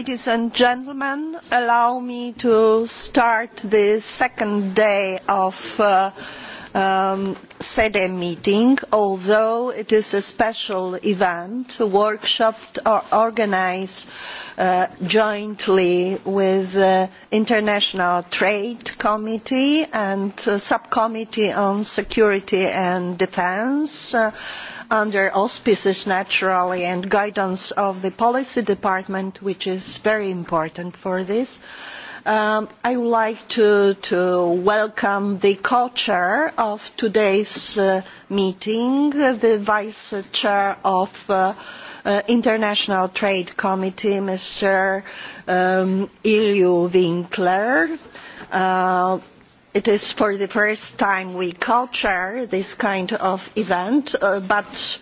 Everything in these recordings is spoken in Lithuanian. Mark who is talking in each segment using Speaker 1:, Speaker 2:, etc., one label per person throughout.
Speaker 1: ladies and gentlemen allow me to start the second day of the uh, um, sede meeting although it is a special event a workshop organised uh, jointly with the uh, international trade committee and uh, subcommittee on security and defence and uh, under auspices naturally and guidance of the policy department which is very important for this. Um, I would like to, to welcome the co-chair of today's uh, meeting, the vice chair of uh, uh, International Trade Committee, Mr. Um, Ilju Winkler. Uh, it is for the first time we co chair this kind of event uh, but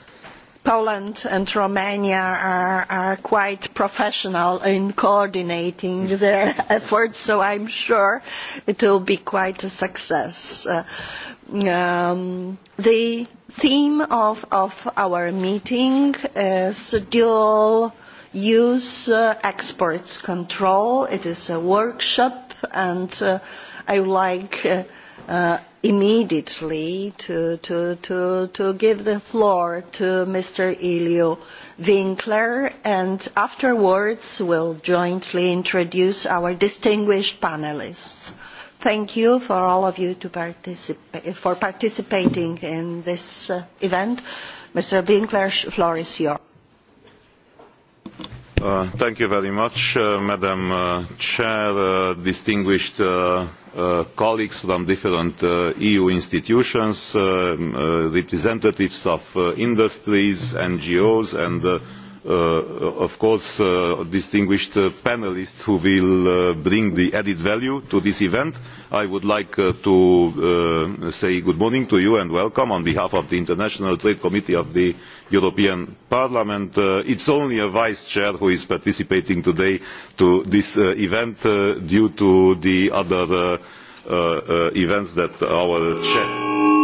Speaker 1: poland and romania are, are quite professional in coordinating mm. their efforts so i am sure it will be quite a success. Uh, um, the theme of, of our meeting is dual use uh, exports control. it is a workshop and uh, I would like uh, uh, immediately to, to, to, to give the floor to Mr. Elio Winkler, and afterwards we'll jointly introduce our distinguished panelists. Thank you for all of you to participate, for participating in this uh, event. Mr. Winkler, floor is yours.
Speaker 2: Uh, thank you very much, uh, Madam uh, Chair, uh, distinguished uh, uh, colleagues from different uh, EU institutions, uh, uh, representatives of uh, industries, NGOs, and uh, uh, of course, uh, distinguished uh, panelists who will uh, bring the added value to this event. I would like uh, to uh, say good morning to you and welcome on behalf of the International Trade Committee of the uh, european parliament. Uh, it is only a vice chair who is participating today in this uh, event uh, due to the other events that our chair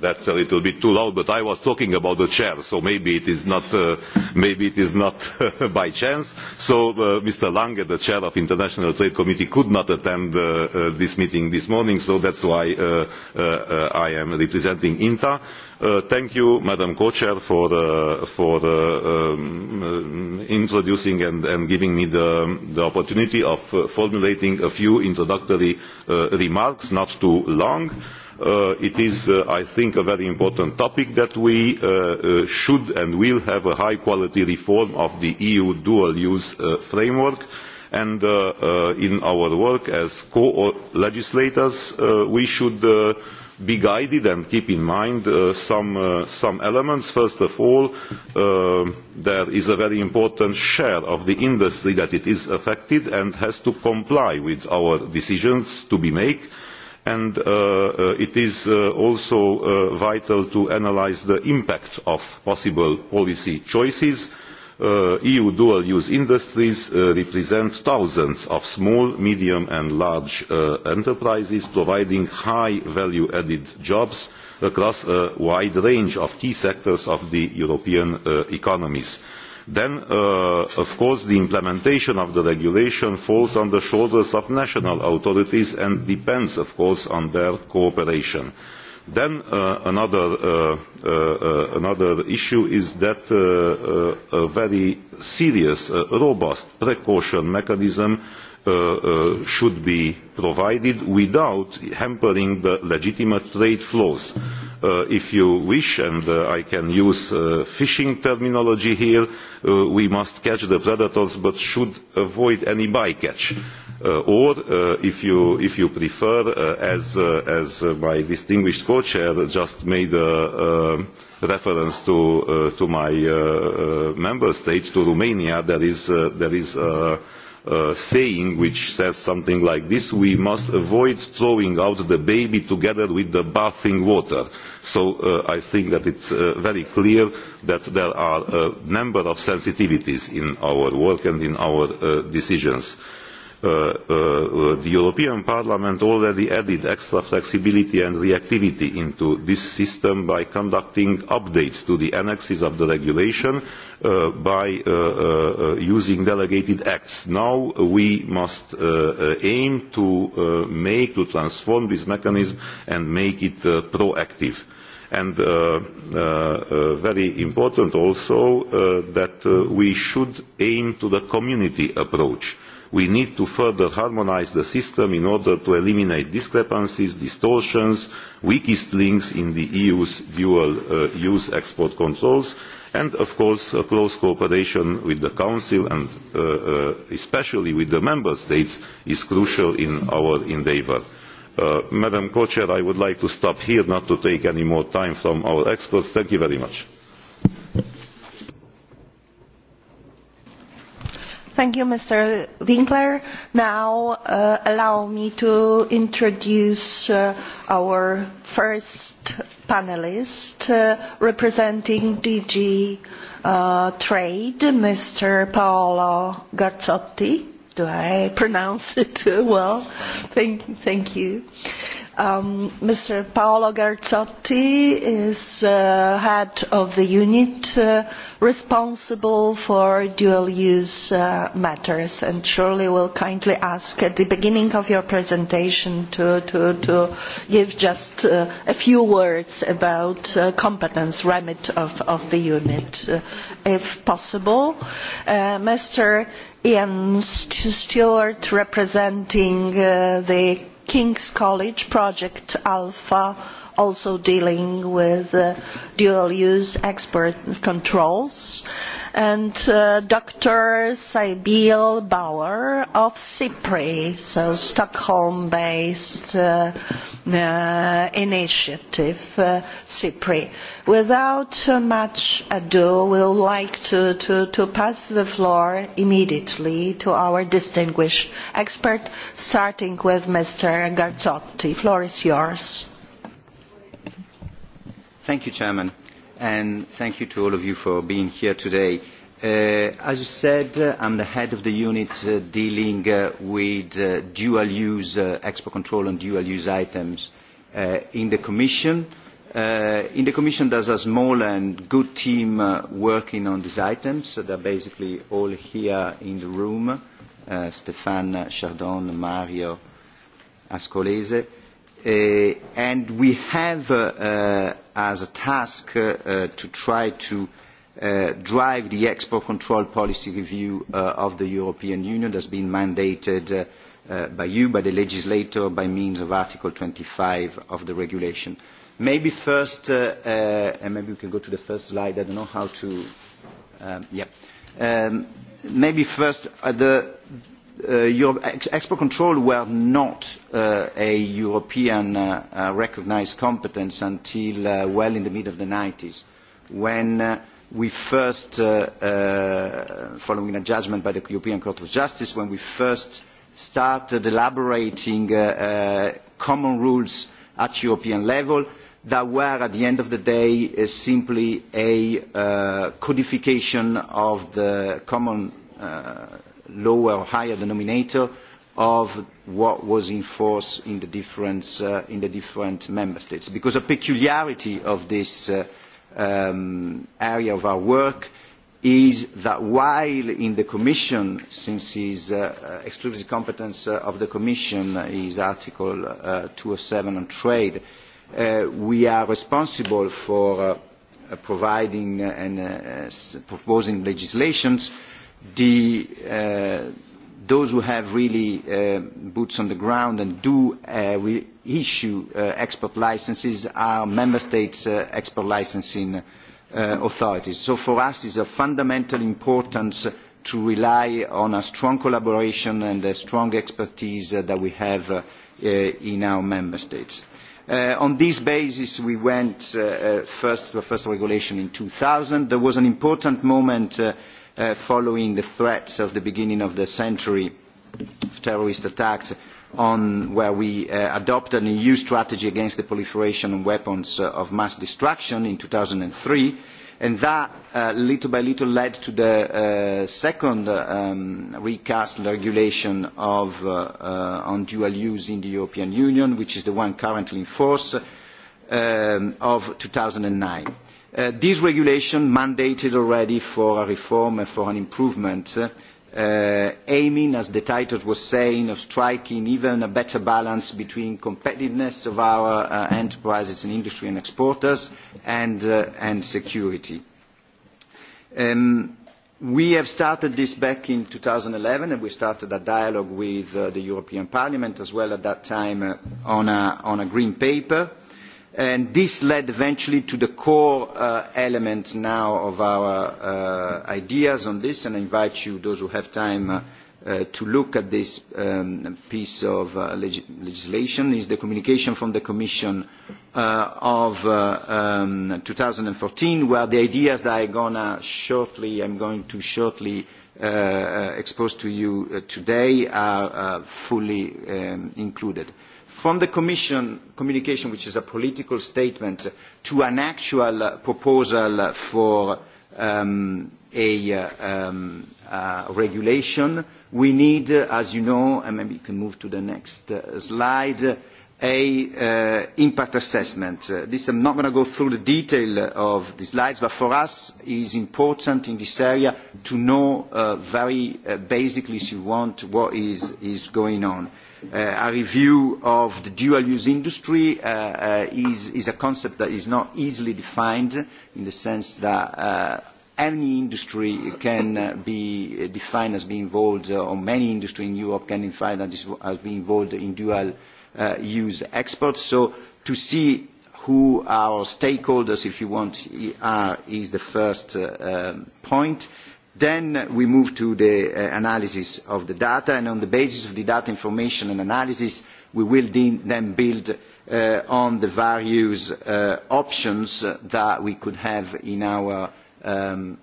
Speaker 2: that's a little bit too loud, but I was talking about the chair, so maybe it is not, uh, maybe it is not by chance. So uh, Mr. Lange, the chair of International Trade Committee, could not attend uh, uh, this meeting this morning, so that's why uh, uh, uh, I am representing INTA. Uh, thank you, Madam Co-Chair, for, uh, for uh, um, uh, introducing and, and giving me the, the opportunity of uh, formulating a few introductory uh, remarks, not too long. Uh, Uh, it is, uh, I think, a very important topic that we uh, uh, should and will have a high-quality reform of the EU dual-use uh, framework. And uh, uh, in our work as co-legislators, uh, we should uh, be guided and keep in mind uh, some, uh, some elements. First of all, uh, there is a very important share of the industry that it is affected and has to comply with our decisions to be made. Uh, and uh, uh, it is uh, also vital to analyse the impact of possible policy choices. eu dual use industries represent thousands of small medium and large enterprises providing high value added jobs across a wide range of key sectors of the european economies then uh, of course the implementation of the regulation falls on the shoulders of national authorities and depends of course on their cooperation. Then uh, another, uh, uh, uh, another issue is that uh, uh, a very serious, uh, robust precaution mechanism uh, uh, uh, should be provided without hampering the legitimate trade flows. Uh, if you wish, and uh, I can use uh, fishing terminology here, uh, we must catch the predators but should avoid any bycatch. Uh, or, uh, if, you, if you prefer, uh, as, uh, as uh, my distinguished co-chair just made a, a reference to, uh, to my uh, uh, member state, to Romania, there is, uh, there is uh, uh, saying which says something like this we must avoid throwing out the baby together with the bathing water. so uh, i think that it is uh, very clear that there are a number of sensitivities in our work and in our uh, decisions uh, uh, the European Parliament already added extra flexibility and reactivity into this system by conducting updates to the annexes of the regulation uh, by uh, uh, using delegated acts. Now we must uh, uh aim to uh, make, to transform this mechanism and make it uh, proactive. Uh, and uh, uh, uh, very important also uh, that uh, we should aim to the community approach we need to further harmonise the system in order to eliminate discrepancies distortions weakest links in the eu's dual uh, e use export controls and of course close cooperation with the council and uh, uh, especially with the member states is crucial in our endeavour. Uh, madam co chair i would like to stop here not to take any more time from our experts. thank you very much.
Speaker 1: Thank you, Mr. Winkler. Now, uh, allow me to introduce uh, our first panelist uh, representing DG uh, Trade, Mr. Paolo Garzotti. Do I pronounce it well? Thank, thank you. Uh, Um, Mr. Paolo Garzotti is uh, head of the unit uh, responsible for dual-use uh, matters and surely will kindly ask at the beginning of your presentation to, to, to give just uh, a few words about uh, competence remit of, of the unit, uh, if possible. Uh, Mr. Ian Stewart, representing uh, the King's College Project Alpha also dealing with uh, dual use export controls and uh, Dr. Sibyl Bauer of CIPRI, so Stockholm based uh, uh, initiative uh, CIPRI. Without uh, much ado, we'll like to, to, to pass the floor immediately to our distinguished expert, starting with Mr. Garzotti. The floor is yours.
Speaker 3: Thank you, Chairman, and thank you to all of you for being here today. Uh, as you said, uh, I'm the head of the unit uh, dealing uh, with uh, dual-use uh, export control and dual-use items uh, in the Commission. Uh, in the Commission, there's a small and good team uh, working on these items. So they're basically all here in the room, uh, Stefan, Chardon, Mario, Ascolese uh, and we have uh, uh, as a task uh, uh, to try to uh, drive the export control policy review uh, of the European Union that's been mandated uh, uh, by you, by the legislator, by means of Article 25 of the regulation. Maybe first, uh, uh, and maybe we can go to the first slide, I don't know how to, um, yeah. Um, maybe first, uh, the, uh, Europe, ex export control were not uh, a European uh, uh, recognized competence until uh, well in the mid of the 90s, when uh, we first, uh, uh, following a judgment by the European Court of Justice, when we first started elaborating uh, uh, common rules at European level that were at the end of the day uh, simply a uh, codification of the common uh, lower or higher denominator of what was in force in the different, uh, in the different member states. Because a peculiarity of this uh, um, area of our work is that while in the Commission, since it's uh, uh, exclusive competence uh, of the Commission is Article uh, 207 on trade, uh, we are responsible for uh, providing and uh, proposing legislations uh, the, uh, those who have really uh, boots on the ground and do uh, re- issue uh, export licenses are member states' uh, export licensing uh, authorities. So for us it's of fundamental importance to rely on a strong collaboration and a strong expertise uh, that we have uh, uh, in our member states. Uh, on this basis, we went uh, uh, first to a first regulation in 2000. There was an important moment uh, uh, following the threats of the beginning of the century of terrorist attacks on where we uh, adopted an EU strategy against the proliferation of weapons uh, of mass destruction in 2003 and that uh, little by little led to the uh, second um, recast regulation of, uh, uh, on dual use in the European Union, which is the one currently in force, um, of 2009 Uh, this regulation mandated already for a reform and for an improvement, uh, uh, aiming, as the title was saying, of striking even a better balance between competitiveness of our uh, enterprises and industry and exporters and, uh, and security. Um, we have started this back in 2011 and we started a dialogue with uh, the European Parliament as well at that time uh, on, a, on a green paper. Uh, and this led eventually to the core uh, element now of our uh, ideas on this and I invite you, those who have time, uh, uh, to look at this um, piece of uh, leg legislation is the communication from the Commission uh, of uh, um, 2014 where the ideas that I'm, gonna shortly, I'm going to shortly uh, uh expose to you uh, today are uh, fully um, included. Uh, from the Commission communication, which is a political statement, to an actual proposal for um, a uh, um, uh, regulation, we need, uh, as you know, and maybe you can move to the next uh, slide, uh, a uh, impact assessment. Uh, this, I'm not going to go through the detail uh, of the slides, but for us it is important in this area to know uh, very uh, basically, if you want, what is, is going on. Uh, a review of the dual-use industry uh, uh, is, is a concept that is not easily defined in the sense that uh, any industry can uh, be defined as being involved, uh, or many industries in Europe can be defined as being involved in dual-use uh, use experts. So to see who our stakeholders, if you want, are is the first uh, um, point. Then we move to the uh, analysis of the data, and on the basis of the data information and analysis, we will de- then build uh, on the various uh, options that we could have in our um,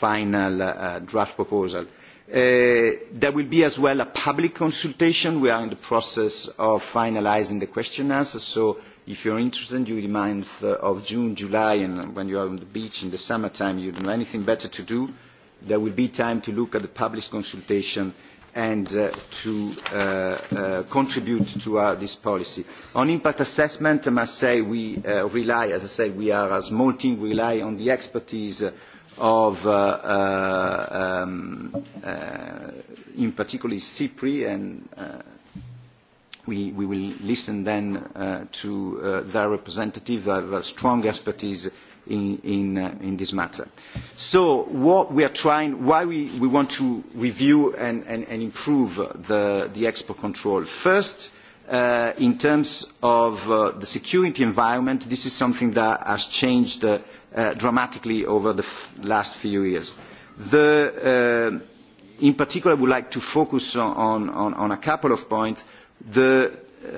Speaker 3: final uh, draft proposal. Uh, Uh, there will be as well a public consultation. We are in the process of finalizing the question answers, so if you're interested during the month of June, July, and when you are on the beach in the summertime, you don't have anything better to do, there will be time to look at the public consultation and uh, to uh, uh, contribute to uh, this policy. On impact assessment, I must say we uh, rely, as I said, we are a small team, we rely on the expertise uh, of, uh, uh, um, uh, in particular, CIPRI, and uh, we, we will listen then uh, to uh, their representative, their, their strong expertise in, in, uh, in this matter. So what we are trying, why we, we want to review and, and, and improve the, the export control. First, uh, in terms of uh, the security environment, this is something that has changed uh, uh, dramatically over the last few years. The, uh, in particular, I would like to focus on, on, on a couple of points. The, uh,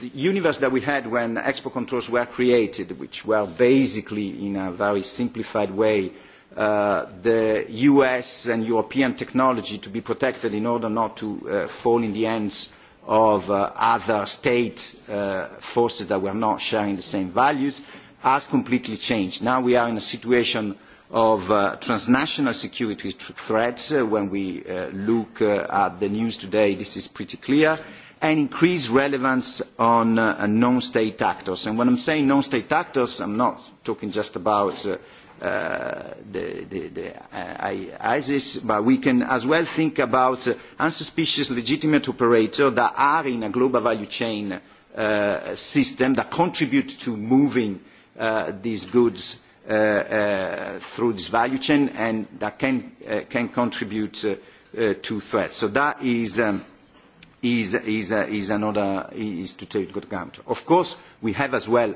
Speaker 3: the universe that we had when export controls were created, which were basically, in a very simplified way, uh, the US and European technology to be protected in order not to uh, fall in the hands of uh, other state uh, forces that were not sharing the same values. Uh, has completely changed. Now we are in a situation of uh, transnational security threats. Uh, when we uh, look uh, at the news today, this is pretty clear, and increased relevance on uh, non-state actors. And when I'm saying non-state actors, I'm not talking just about uh, uh, the, the, the uh, ISIS, but we can as well think about uh, unsuspicious legitimate operators that are in a global value chain uh, system that contribute to moving uh, uh, these goods uh, uh, through this value chain and that can, uh, can contribute uh, uh, to threats. So that is, um, is, is, uh, is another is to take into account. Of course, we have as well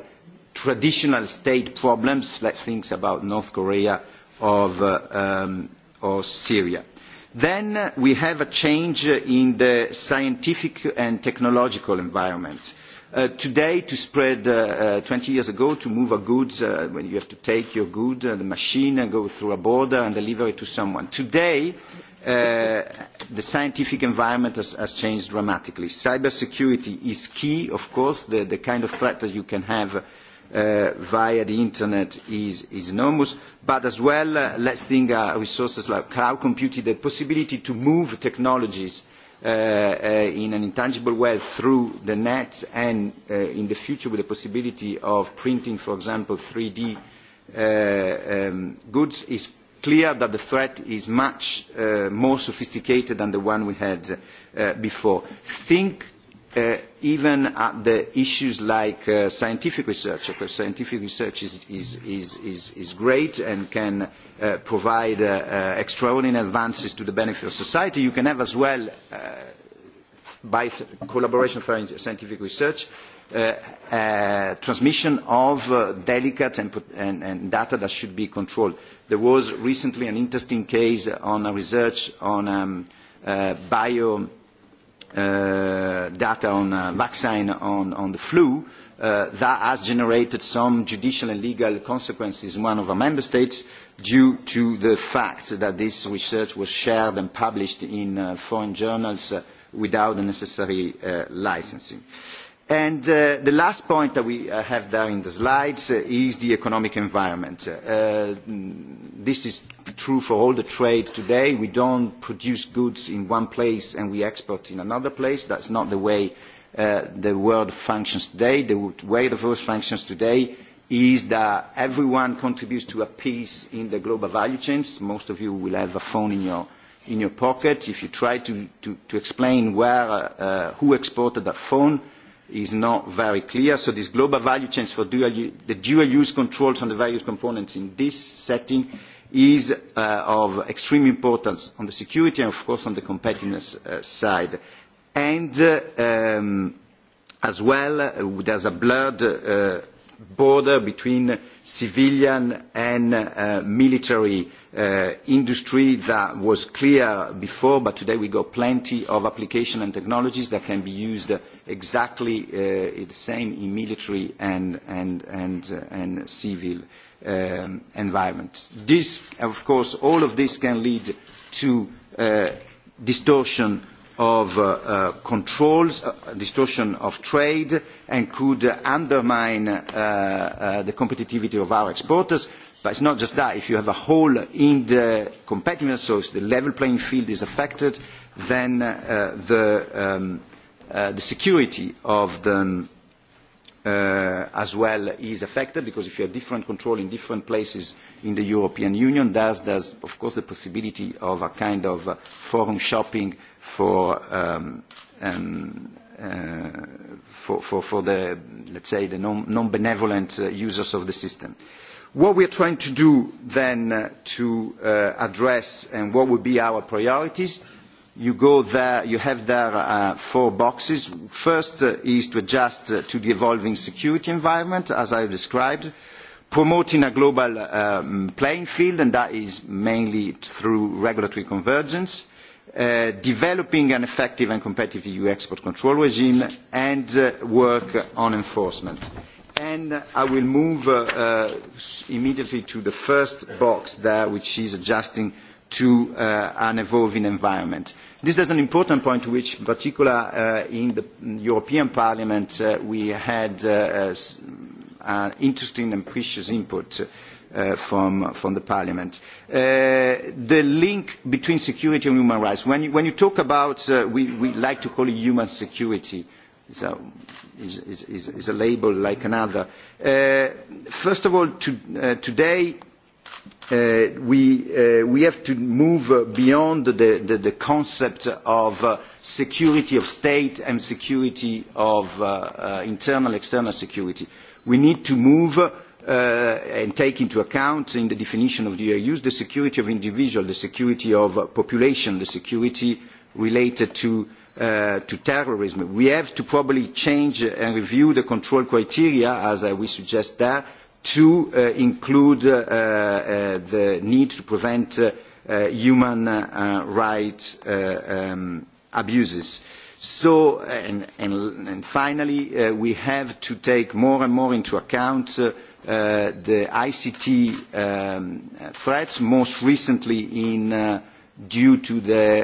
Speaker 3: traditional state problems, like things about North Korea of, uh, um, or Syria. Then uh, we have a change in the scientific and technological environment. Uh, Uh, today, to spread uh, uh, 20 years ago, to move a goods, uh, when you have to take your good, uh, the machine, and go through a border and deliver it to someone. Today, uh, the scientific environment has, has changed dramatically. Cybersecurity is key, of course. The, the kind of threat that you can have uh, via the internet is, is enormous. But as well, uh, let's think uh, resources like cloud computing, the possibility to move technologies uh, uh, uh, in an intangible way through the net and uh, in the future with the possibility of printing, for example, 3D uh, um, goods, is clear that the threat is much uh, more sophisticated than the one we had uh, before. Think uh, even at the issues like uh, scientific research, because scientific research is, is, is, is, is great and can uh, provide uh, uh, extraordinary advances to the benefit of society, you can have as well, uh, by th collaboration for scientific research, uh, uh, transmission of uh, delicate and, and, and data that should be controlled. There was recently an interesting case on a research on um, uh, bio uh, data on uh, vaccine on, on the flu, uh, that has generated some judicial and legal consequences in one of our member states due to the fact that this research was shared and published in uh, foreign journals uh, without the necessary uh, licensing. Uh, And uh, the last point that we uh, have there in the slides uh, is the economic environment. Uh, this is true for all the trade today. We don't produce goods in one place and we export in another place. That's not the way uh, the world functions today. The way the world functions today is that everyone contributes to a piece in the global value chains. Most of you will have a phone in your in your pocket. If you try to, to, to explain where, uh, who exported that phone, uh, is not very clear. So these global value chains for dual, the dual use controls on the various components in this setting is uh, of extreme importance on the security and of course on the competitiveness uh, side. And uh, um, as well, uh, there's a blurred uh, border between uh, civilian and uh, military uh, industry that was clear before, but today we got plenty of application and technologies that can be used exactly uh, the same in military and, and, and, uh, and civil um, environments. This, of course, all of this can lead to uh, distortion of uh, uh, controls, uh, distortion of trade, and could uh, undermine uh, uh, the competitivity of our exporters. But it's not just that. If you have a hole in the competitiveness, so the level playing field is affected, then uh, the, um, uh, the security of the um, uh, as well is affected because if you have different control in different places in the European Union, there's, there's of course the possibility of a kind of uh, forum shopping for um, um, uh, for, for, for the let's say the non, non-benevolent uh, users of the system. What we are trying to do then uh, to uh, address and what would be our priorities you go there, you have there uh, four boxes. First uh, is to adjust uh, to the evolving security environment, as I have described, promoting a global um, playing field, and that is mainly through regulatory convergence, uh, developing an effective and competitive EU export control regime and uh, work on enforcement. And I will move uh, uh, immediately to the first box there, which is adjusting to uh, an evolving environment. This is an important point which, in particular, uh, in the European Parliament, uh, we had uh, uh, uh interesting and precious input uh, uh, from, from the parliament. Uh, the link between security and human rights. When you, when you talk about, uh, we, we like to call it human security, so is, is, is, is a label like another. Uh, first of all, to, uh, today uh, we, uh, we have to move uh, beyond the, the, the concept of uh, security of state and security of uh, uh, internal external security. We need to move uh, uh, and take into account in the definition of the EUs the security of individual, the security of uh, population, the security related to, uh, to terrorism. We have to probably change and review the control criteria, as uh, we suggest there, to uh, include uh, uh, the need to prevent uh, uh, human uh, rights uh, um, abuses. So, uh, and, and, and finally, uh, we have to take more and more into account uh, uh, the ICT um, uh, threats, most recently in, uh, due to the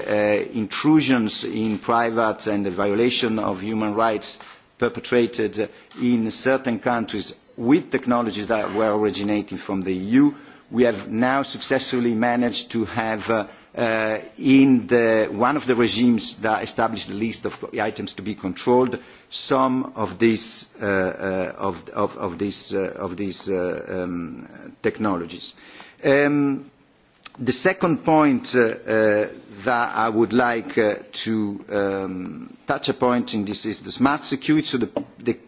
Speaker 3: uh, intrusions in private and the violation of human rights perpetrated in certain countries with technologies that were originating from the EU. We have now successfully managed to have uh, uh, in the, one of the regimes that established the list of items to be controlled, some of these, uh, uh, of, of, of these, uh, of these uh, um, technologies. Um, the second point uh, uh, that I would like uh, to um, touch upon in this is the smart security, so the, the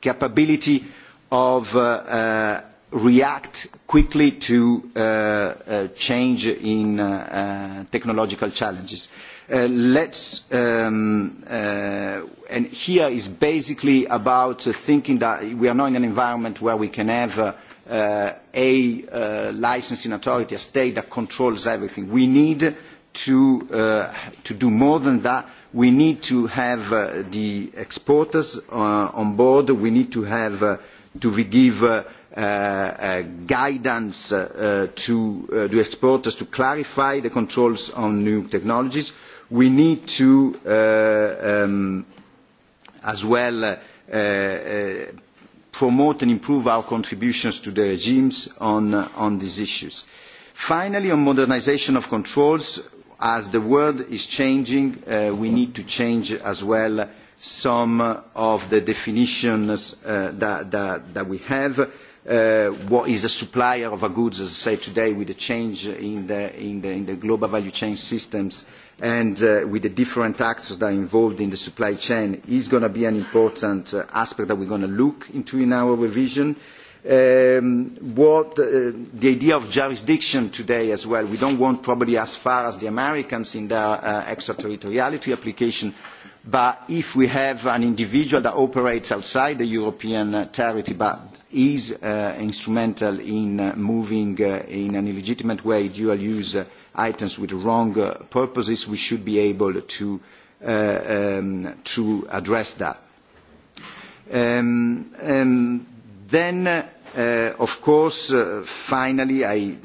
Speaker 3: capability of uh, uh, react quickly to uh, uh, change in uh, uh, technological challenges. Uh, let's, um, uh, and here is basically about uh, thinking that we are not in an environment where we can have uh, uh, a uh, licensing authority, a state that controls everything. We need to, uh, to do more than that. We need to have uh, the exporters uh, on board. We need to have uh, to give uh, uh, uh, guidance uh, uh to, uh, to exporters to clarify the controls on new technologies. We need to uh, um, as well uh, uh, promote and improve our contributions to the regimes on, uh, on these issues. Finally, on modernization of controls, as the world is changing, uh, we need to change as well some of the definitions uh, that, that, that we have uh, what is a supplier of a goods, as I say today, with the change in the, in the, in the global value chain systems and uh, with the different actors that are involved in the supply chain is going to be an important uh, aspect that we're going to look into in our revision. Um, what, uh, the idea of jurisdiction today as well, we don't want probably as far as the Americans in their uh, extraterritoriality application, but if we have an individual that operates outside the European uh, territory but is uh, instrumental in uh, moving uh, in an illegitimate way dual use uh, items with wrong uh, purposes, we should be able to, uh, um, to address that. Um, um, then, uh, of course, uh, finally, I,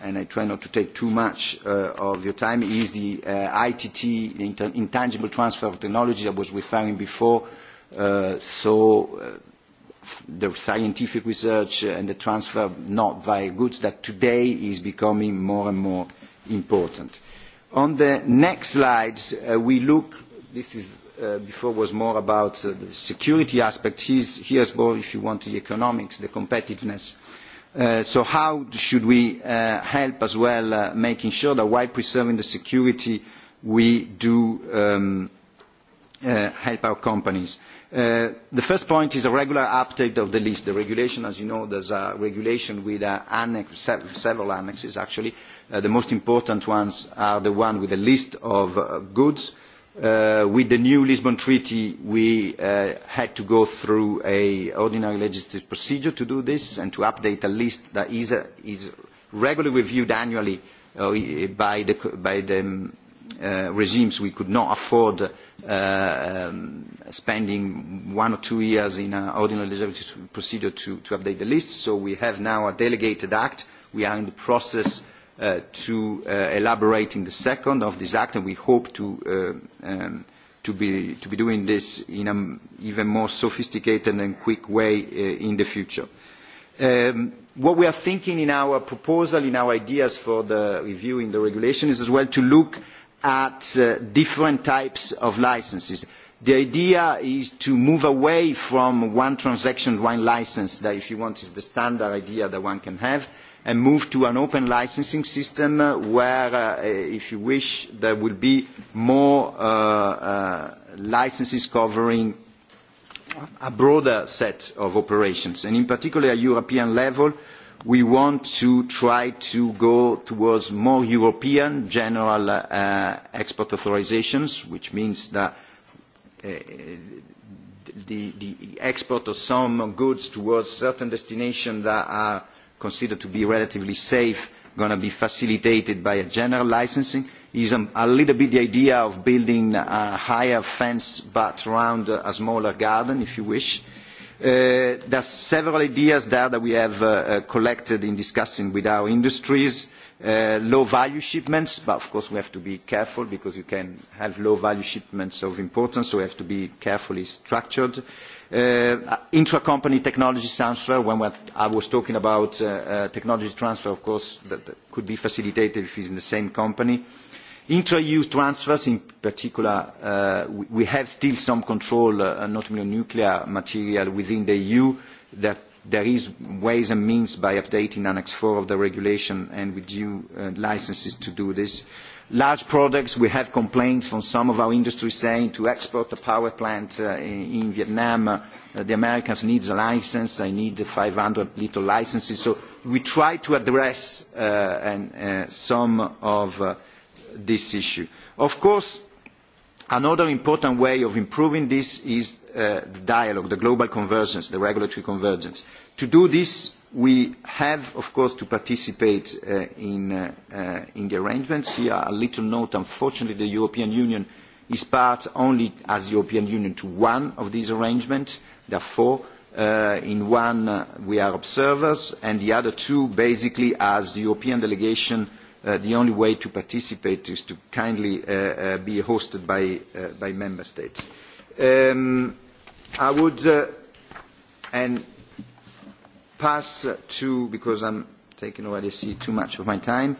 Speaker 3: and I try not to take too much uh, of your time, is the uh, ITT, the Intangible Transfer of Technology I was referring before. Uh, so uh, the scientific research and the transfer not via goods that today is becoming more and more important. On the next slides, uh, we look, this is, uh, before was more about uh, the security aspects. Here's, here's more, if you want, the economics, the competitiveness. Uh, so how should we uh, help as well uh, making sure that while preserving the security, we do um, uh, help our companies? Uh, Uh, the first point is a regular update of the list. The regulation, as you know, there's a regulation with uh, annex, several annexes, actually. Uh, the most important ones are the one with a list of uh, goods. Uh, with the new Lisbon Treaty, we uh, had to go through an ordinary legislative procedure to do this and to update a list that is, uh, is regularly reviewed annually uh, by the, by the um, uh, regimes. We could not afford uh, um, spending one or two years in an ordinary legislative procedure to, to update the list, so we have now a delegated act. We are in the process uh, to uh, elaborating the second of this act, and we hope to, uh, um, to, be, to be doing this in an even more sophisticated and quick way uh, in the future. Um, what we are thinking in our proposal, in our ideas for the review in the regulation is as well to look at uh, different types of licenses. The idea is to move away from one transaction, one license, that if you want is the standard idea that one can have, and move to an open licensing system uh, where, uh, if you wish, there will be more uh, uh, licenses covering a broader set of operations, and in particular at European level, uh, we want to try to go towards more European general uh, export authorizations, which means that uh, the, the export of some goods towards certain destinations that are considered to be relatively safe going to be facilitated by a general licensing is a, um, a little bit the idea of building a higher fence but around a smaller garden, if you wish. Uh, Uh, there are several ideas there that we have uh, uh, collected in discussing with our industries. Uh, low value shipments, but of course we have to be careful because you can have low value shipments of importance, so we have to be carefully structured. Uh, intra-company technology transfer, when I was talking about uh, uh, technology transfer, of course, that, that could be facilitated if it's in the same company. Uh, Intra-EU transfers, in particular, uh, we have still some control, uh, notably on nuclear material within the EU. There, there is ways and means by updating Annex 4 of the regulation and with due uh, licenses to do this. Large products, we have complaints from some of our industries saying to export a power plant uh, in, in Vietnam, uh, the Americans need a license, I need 500 little licenses. So we try to address uh, and, uh, some of uh, this issue. of course another important way of improving this is uh, the dialogue the global convergence the regulatory convergence. to do this we have of course to participate uh, in, uh, uh, in the arrangements. here a little note unfortunately the european union is part only as the european union to one of these arrangements therefore uh, in one uh, we are observers and the other two basically as the european delegation uh, uh, the only way to participate is to kindly uh, uh, be hosted by, uh, by member states. Um, I would uh, and pass uh, to, because I'm taking already see too much of my time,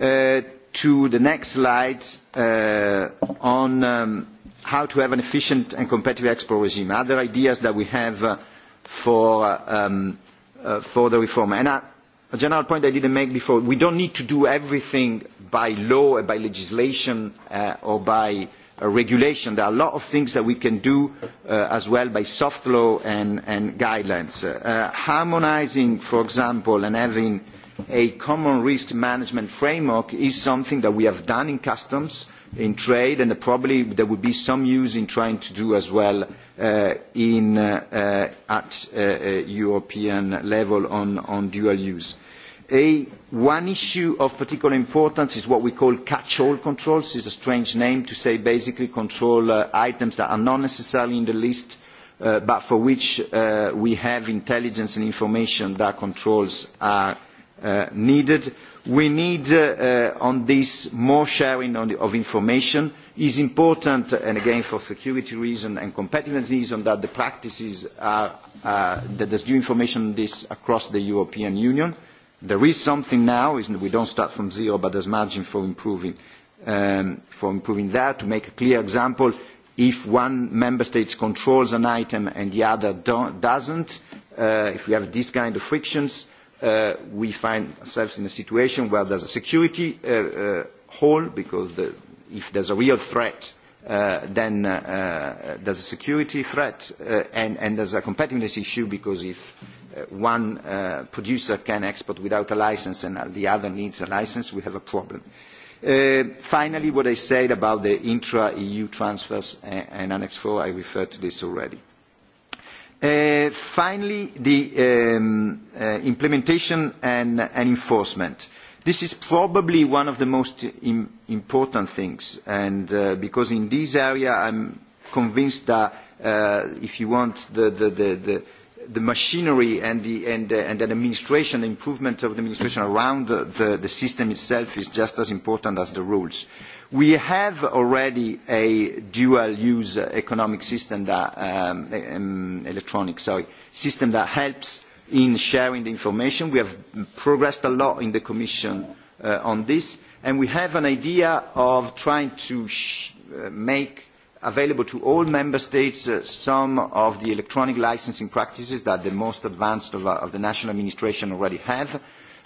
Speaker 3: uh, to the next slide uh, on um, how to have an efficient and competitive export regime, other ideas that we have uh, for, uh, um, uh, for the reform. And I, a general point I didn't make before. We don't need to do everything by law, uh, by legislation, uh, or by uh, regulation. There are a lot of things that we can do uh, as well by soft law and, and guidelines. Uh, harmonizing, for example, and having a common risk management framework is something that we have done in customs, in trade, and probably there would be some use in trying to do as well uh, uh, in, uh, uh, at uh, uh, European level on, on dual use. A, one issue of particular importance is what we call catch-all controls. It's a strange name to say basically control uh, items that are not necessarily in the list uh, but for which uh, we have intelligence and information that controls are uh, needed. We need uh, uh, on this more sharing on the, of information. Uh, is important and again for security reasons and competitiveness reasons that the practices are uh, that there's new information on this across the European Union. There is something now, isn't we don't start from zero but there's margin for improving, um, for improving that. To make a clear example, if one member state controls an item and the other don't, doesn't, uh, if we have these kind of frictions, uh, we find ourselves in a situation where there's a security uh, uh, hole because the, if there's a real threat, uh, then uh, uh, there's a security threat uh, and, and there's a competitiveness issue because if uh, one uh, producer can export without a license and the other needs a license, we have a problem. Uh, finally, what I said about the intra-EU transfers and, and Annex 4, I referred to this already. Uh, finally, the um, uh, implementation and, and enforcement. Uh, This is probably one of the most Im important things, and uh, because in this area I'm convinced that uh, if you want the, the, the, the, the machinery and the and, uh, and an administration, the improvement of the administration around the, the, the system itself is just as important as the rules. We have already a dual-use economic system that um, um, electronic sorry system that helps in sharing the information. We have progressed a lot in the Commission uh, on this, and we have an idea of trying to sh uh, make available to all member states uh, some of the electronic licensing practices that the most advanced of, uh, of the national administration already have,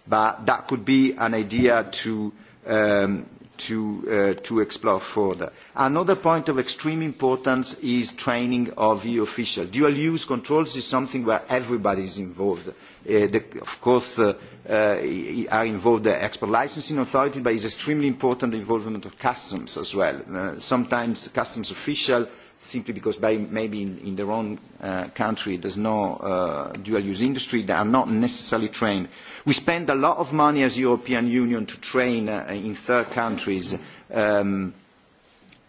Speaker 3: but that could be an idea to um, to, uh, to explore further. Another point of extreme importance is training of EU officials. Dual-use controls is something where everybody is involved. Uh, the, of course, uh, uh, are involved the export licensing authority, but it's extremely important the involvement of customs as well. Uh, sometimes customs officials simply because by, maybe in, in their own uh, country there's no uh, dual-use industry, they are not necessarily trained. We spend a lot of money as European Union to train uh, in third countries um,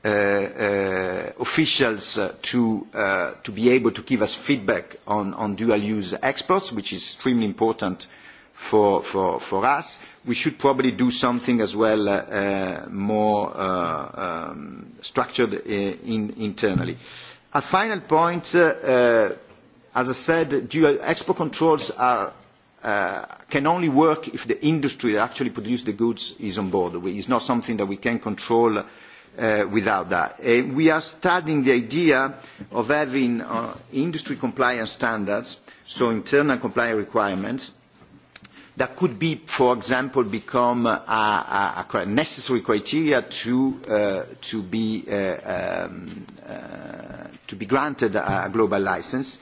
Speaker 3: uh, uh, officials uh, to, uh, to be able to give us feedback on, on dual-use exports, which is extremely important uh, for, for, for us. We should probably do something as well uh, uh, more uh, um, structured uh, in, internally. A final point, uh, uh, as I said, dual export controls are, uh, can only work if the industry that actually produces the goods is on board. It's not something that we can control uh, uh, without that. Uh, we are studying the idea of having uh, industry compliance standards, so internal compliance requirements, that could be, for example, become a, a, a necessary criteria to, uh, to, be, uh, um, uh, to be granted a, a global license,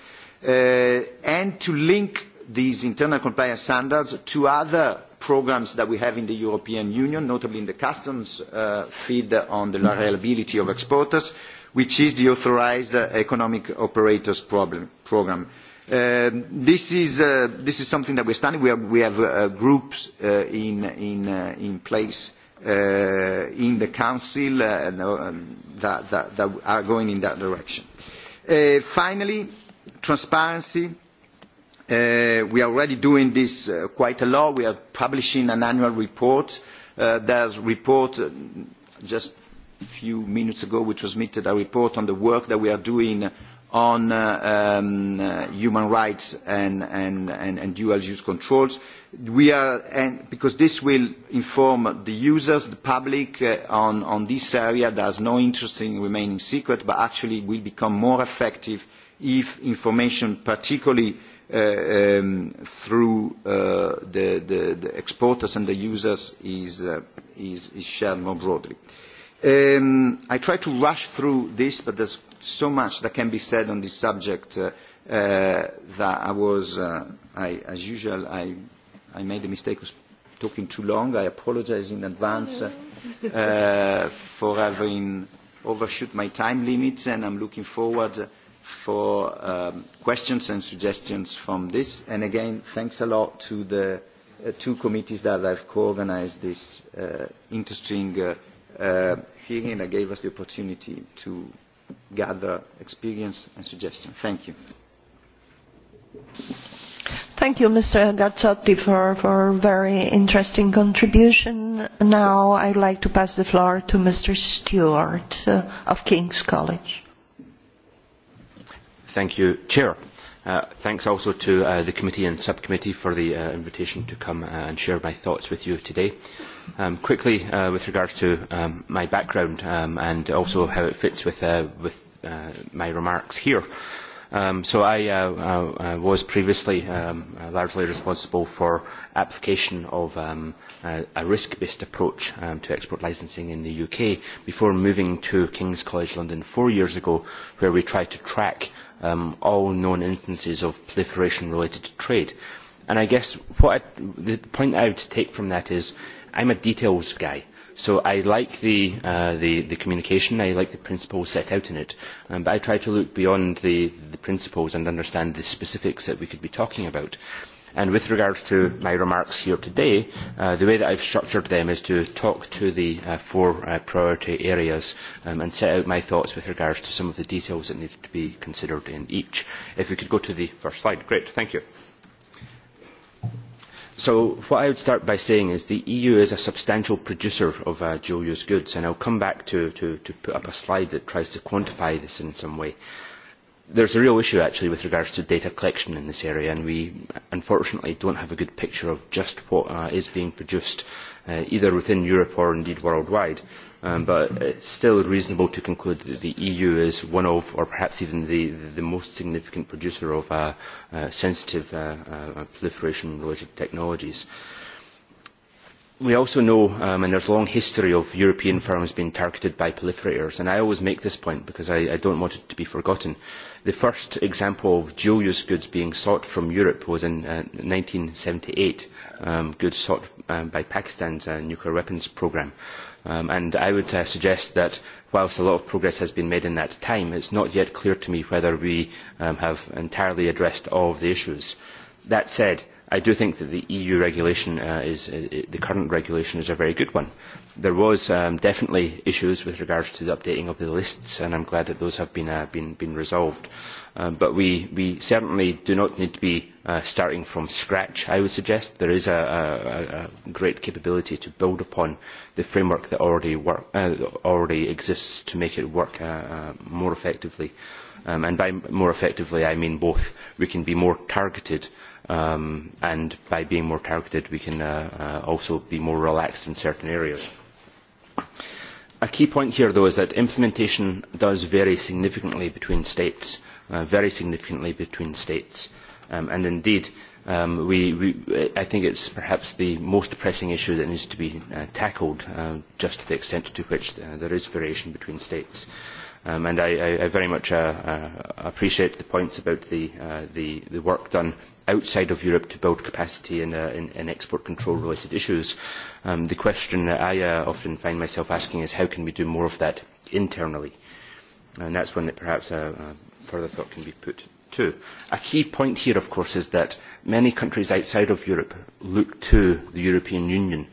Speaker 3: uh, and to link these internal compliance standards to other programs that we have in the European Union, notably in the customs uh, field on the liability of exporters, which is the authorized uh, economic operators problem, program. Uh, Uh, this, is, uh, this is something that we're standing. We have, we have uh, groups uh, in, in, uh, in place uh, in the council uh, and, uh, um, that, that, that are going in that direction. Uh, finally, transparency. Uh, we are already doing this uh, quite a lot. We are publishing an annual report. Uh, there's a report uh, just a few minutes ago which was submitted, a report on the work that we are doing uh, on uh, um, uh, human rights and, and, and, and dual use controls. We are, and because this will inform the users, the public uh, on, on this area, there's no interest in remaining secret, but actually will become more effective if information, particularly uh, um, through uh, the, the, the exporters and the users, is, uh, is, is shared more broadly. Um, I try to rush through this, but there's so much that can be said on this subject uh, uh, that I was, uh, I, as usual, I, I made the mistake of talking too long. I apologize in advance uh, uh, for having overshoot my time limits, and I'm looking forward for um, questions and suggestions from this. And again, thanks a lot to the uh, two committees that have co-organized this uh, interesting uh, uh, hearing that gave us the opportunity to gather experience and suggestions. Thank you.
Speaker 1: Thank you, Mr. Gazzotti, for, for a very interesting contribution. Now I'd like to pass the floor to Mr. Stewart uh, of King's College.
Speaker 4: Thank you, Chair. Uh, thanks also to uh, the committee and subcommittee for the uh, invitation to come uh, and share my thoughts with you today. Uh, um, quickly uh, with regards to um, my background um, and also how it fits with, uh, with uh, my remarks here. Um, so I uh, uh, uh was previously um, uh, largely responsible for application of um, uh, a risk-based approach um, to export licensing in the UK before moving to King's College London four years ago where we tried to track um, all known instances of proliferation related to trade And I guess what I, the point I would take from that is I'm a details guy. So I like the, uh, the, the communication, I like the principles set out in it, um, but I try to look beyond the, the principles and understand the specifics that we could be talking about. And with regards to my remarks here today, uh, the way that I've structured them is to talk to the uh, four uh, priority areas um, and set out my thoughts with regards to some of the details that need to be considered in each. If we could go to the first slide, great, thank you. Uh, So what I would start by saying is the EU is a substantial producer of uh, dual-use goods, and I'll come back to, to, to put up a slide that tries to quantify this in some way. There's a real issue actually with regards to data collection in this area, and we unfortunately don't have a good picture of just what uh, is being produced, uh, either within Europe or indeed worldwide. Uh, um, but it's still reasonable to conclude that the EU is one of, or perhaps even the, the, the most significant producer of uh, uh, sensitive uh, uh, proliferation-related technologies. We also know, um, and there's a long history of European firms being targeted by proliferators, and I always make this point because I, I don't want it to be forgotten. The first example of dual-use goods being sought from Europe was in uh, 1978, um, goods sought um, by Pakistan's uh, nuclear weapons program. Um, and I would uh, suggest that whilst a lot of progress has been made in that time, it's not yet clear to me whether we um, have entirely addressed all of the issues. That said, I do think that the EU regulation uh, is, uh, is the current regulation is a very good one. There was um, definitely issues with regards to the updating of the lists, and I'm glad that those have been uh, been, been resolved. Um, but we, we certainly do not need to be uh, starting from scratch. I would suggest there is a, a, a great capability to build upon the framework that already work uh, already exists to make it work uh, uh, more effectively. Um, and by more effectively, I mean both. We can be more targeted um, and by being more targeted we can uh, uh, also be more relaxed in certain areas. A key point here though is that implementation does vary significantly between states, uh, very significantly between states. Um, and indeed, um, we, we, I think it's perhaps the most pressing issue that needs to be uh, tackled, uh, just to the extent to which uh, there is variation between states. Um, and I, I, I very much uh, uh, appreciate the points about the, uh, the, the work done outside of Europe to build capacity in, uh, in, in export control related issues. Um, the question that I uh, often find myself asking is how can we do more of that internally? And that's one that perhaps uh, uh, further thought can be put to. A key point here, of course, is that many countries outside of Europe look to the European Union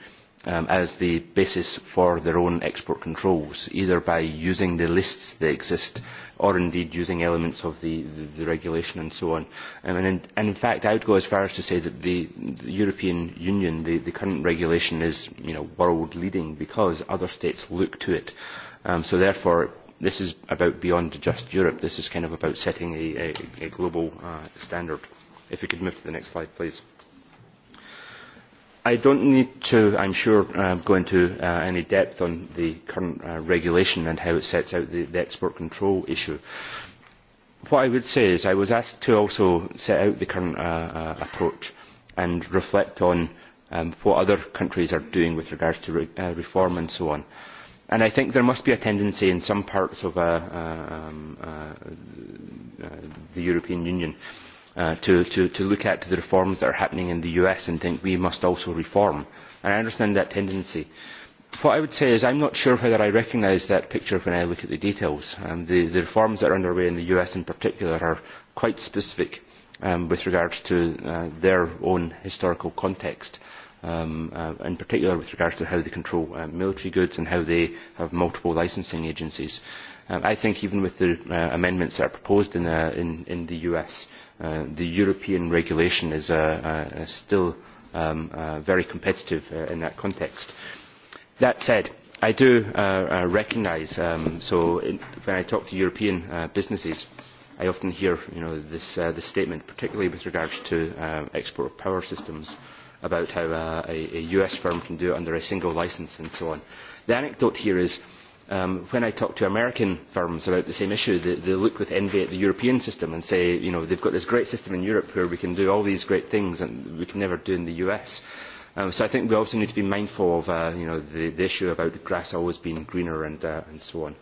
Speaker 4: um, as the basis for their own export controls, either by using the lists that exist or indeed using elements of the, the, the regulation and so on. Um, and, in, and in fact, I would go as far as to say that the, the European Union, the, the current regulation is you know, world leading because other states look to it. Um, so therefore, this is about beyond just Europe. This is kind of about setting a, a, a global uh, standard. If you could move to the next slide, please. Uh, I don't need to, I'm sure, uh, go into uh, any depth on the current uh, regulation and how it sets out the, the export control issue. What I would say is I was asked to also set out the current uh, uh, approach and reflect on um, what other countries are doing with regards to re uh, reform and so on. And I think there must be a tendency in some parts of uh, uh, um, uh, uh, the European Union uh, uh, to, to, to look at the reforms that are happening in the US and think we must also reform. And I understand that tendency. What I would say is I'm not sure whether I recognise that picture when I look at the details. Um, the, the reforms that are underway in the US in particular are quite specific um, with regards to uh, their own historical context. Um, uh, in particular with regards to how they control uh, military goods and how they have multiple licensing agencies. Uh, Um, I think even with the uh, amendments that are proposed in, uh, in, in the US, uh, the European regulation is uh, uh, still um, uh, very competitive uh, in that context. That said, I do uh, uh, recognise, um, so in, when I talk to European uh, businesses, I often hear you know, this, uh, this statement, particularly with regards to uh, export of power systems, about how uh, a, a US firm can do it under a single licence and so on. The anecdote here is um, when I talk to American firms about the same issue, they, they look with envy at the European system and say, you know, they've got this great system in Europe where we can do all these great things and we can never do in the US. Um, so I think we also need to be mindful of, uh, you know, the, the issue about grass always being greener and, uh, and so on.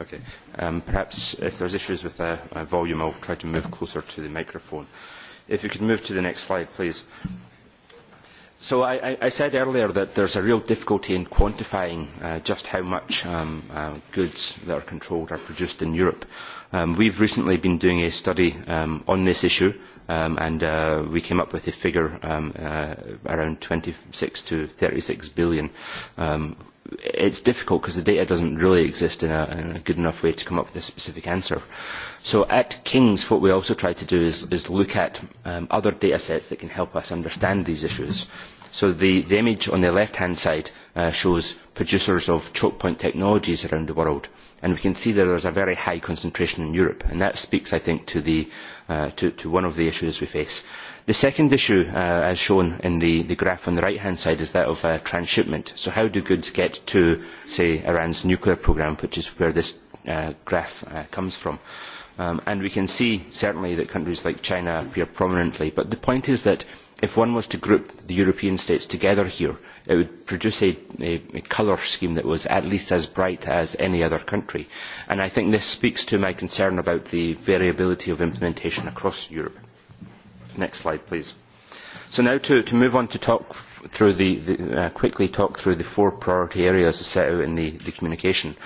Speaker 4: Okay. Um, perhaps if there's issues with uh, uh, volume, I'll try to move closer to the microphone. If you could move to the next slide, please. So I, I, I said earlier that there's a real difficulty in quantifying uh, just how much um, uh, goods that are controlled are produced in Europe. Um, we've recently been doing a study um, on this issue um, and uh, we came up with a figure um, uh, around 26 to 36 billion um, it's difficult because the data doesn't really exist in a, in a good enough way to come up with a specific answer. So at King's, what we also try to do is, is look at um, other data sets that can help us understand these issues. So the, the image on the left-hand side uh, shows producers of choke point technologies around the world. And we can see that there's a very high concentration in Europe. And that speaks, I think, to, the, uh, to, to one of the issues we face. The second issue, uh, as shown in the, the graph on the right-hand side, is that of uh, transshipment. So how do goods get to, say, Iran's nuclear programme, which is where this uh, graph uh, comes from? Um, and we can see, certainly, that countries like China appear prominently. But the point is that if one was to group the European states together here, it would produce a, a, a colour scheme that was at least as bright as any other country. And I think this speaks to my concern about the variability of implementation across Europe. Next slide, please. So now to, to move on to talk through the, the uh, quickly talk through the four priority areas set out in the, the communication.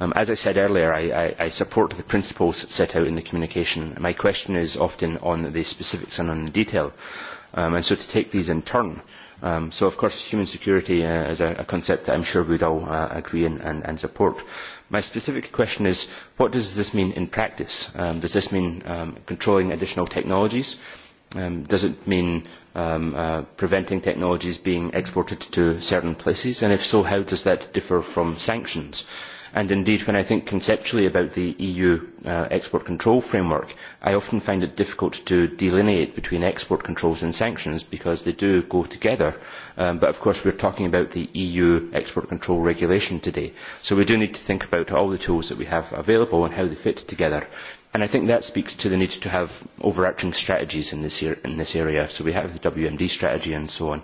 Speaker 4: Um, as I said earlier, I, I, I support the principles set out in the communication. My question is often on the specifics and on the detail. Um, and so to take these in turn, Um, so, of course, human security uh, is a, a concept that I'm sure we'd all uh, agree in and, and support. My specific question is, what does this mean in practice? Um, does this mean um, controlling additional technologies? Uh, um, doesn't mean um, uh, preventing technologies being exported to certain places, and if so, how does that differ from sanctions? And indeed, when I think conceptually about the EU uh, export control framework, I often find it difficult to delineate between export controls and sanctions because they do go together. Um, but of course, we're talking about the EU export control regulation today. So we do need to think about all the tools that we have available and how they fit together. And I think that speaks to the need to have overarching strategies in this, er in this area. So we have the WMD strategy and so on.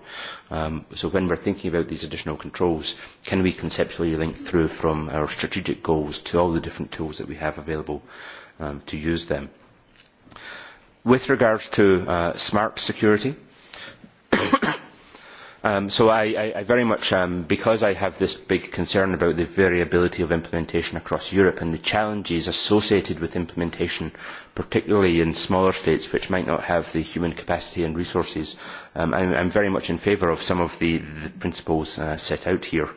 Speaker 4: Um, so when we're thinking about these additional controls, can we conceptually link through from our strategic goals to all the different tools that we have available um, to use them? With regards to uh, smart security, Um, so I, I, I very much, um, because I have this big concern about the variability of implementation across Europe and the challenges associated with implementation, particularly in smaller states which might not have the human capacity and resources, um, I'm, I'm very much in favour of some of the, the principles uh, set out here.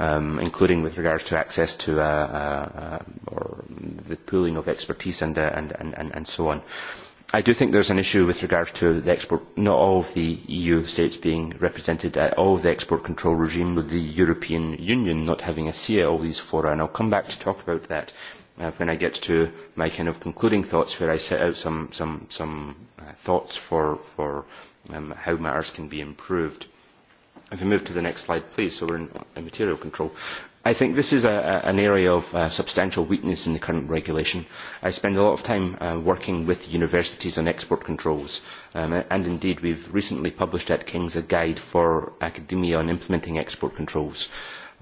Speaker 4: Um, including with regards to access to uh, uh, uh, or the pooling of expertise and, uh, and, and, and so on. I do think there's an issue with regards to the export, not all of the EU states being represented at all of the export control regime with the European Union not having a say at all these fora, and I'll come back to talk about that uh, when I get to my kind of concluding thoughts where I set out some, some, some uh, thoughts for, for um, how matters can be improved. Uh, If we move to the next slide, please, so we're in, in material control. I think this is a, a, an area of uh, substantial weakness in the current regulation. I spend a lot of time uh, working with universities on export controls, um, and indeed we've recently published at King's a guide for academia on implementing export controls.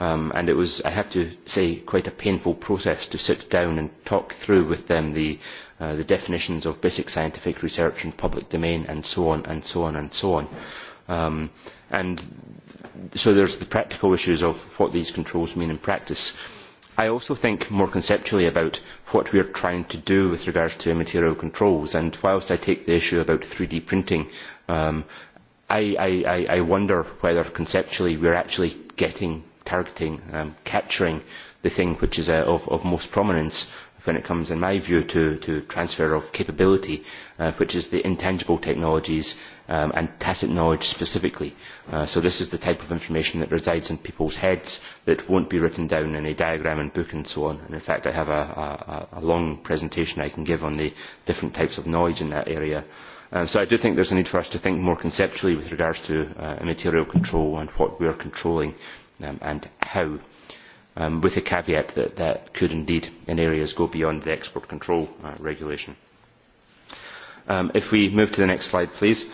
Speaker 4: Um, and it was, I have to say, quite a painful process to sit down and talk through with them the, uh, the definitions of basic scientific research and public domain and so on and so on and so on. Mm-hmm Um, and so there's the practical issues of what these controls mean in practice. I also think more conceptually about what we are trying to do with regards to immaterial controls. And whilst I take the issue about 3D printing, um, I, I, I wonder whether conceptually we're actually getting, targeting, um, capturing the thing which is uh, of, of most prominence when it comes, in my view, to, to transfer of capability, uh, which is the intangible technologies um, and tacit knowledge specifically. Uh, so this is the type of information that resides in people's heads that won't be written down in a diagram and book and so on. And in fact, I have a, a, a long presentation I can give on the different types of knowledge in that area. Um, so I do think there's a need for us to think more conceptually with regards to uh, immaterial control and what we are controlling um, and how um, with the caveat that that could indeed in areas go beyond the export control uh, regulation. Um, if we move to the next slide, please.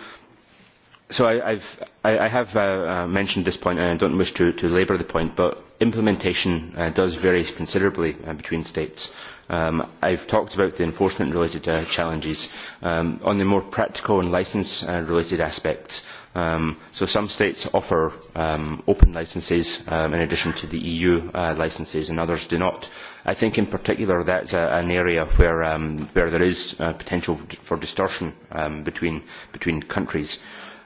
Speaker 4: So I, I've, I, I have uh, uh, mentioned this point, and I don't wish to, to labour the point, but implementation uh, does vary considerably uh, between states. Um, I've talked about the enforcement-related uh, challenges. Um, on the more practical and licence-related uh, aspects, Um, so some states offer um, open licences um, in addition to the EU uh, licences and others do not. I think in particular that's a, an area where, um, where there is uh, potential for distortion um, between, between countries.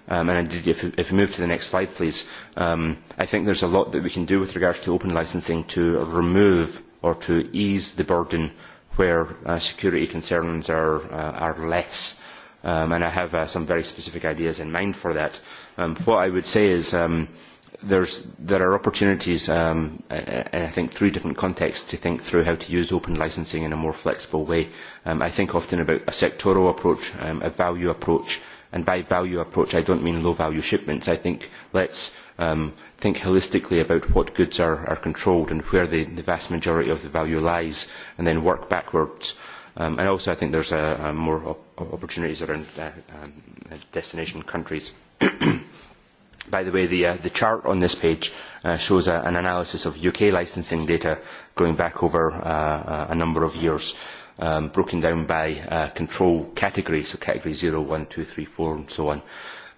Speaker 4: Um, and indeed, if, if we move to the next slide, please, um, I think there's a lot that we can do with regards to open licensing to remove or to ease the burden where uh, security concerns are, uh, are less um, and I have uh, some very specific ideas in mind for that. Um, what I would say is um, there's, there are opportunities, um, in I think three different contexts, to think through how to use open licensing in a more flexible way. Um, I think often about a sectoral approach, um, a value approach, and by value approach I don't mean low value shipments. I think let's um, think holistically about what goods are, are controlled and where the, the vast majority of the value lies, and then work backwards. Um, and also I think there's a, a more op- opportunities around uh, um, destination countries. By the way, the, uh, the chart on this page uh, shows a, an analysis of UK licensing data going back over uh, uh, a number of years, um, broken down by uh, control categories, so category 0, 1, 2, 3, 4, and so on.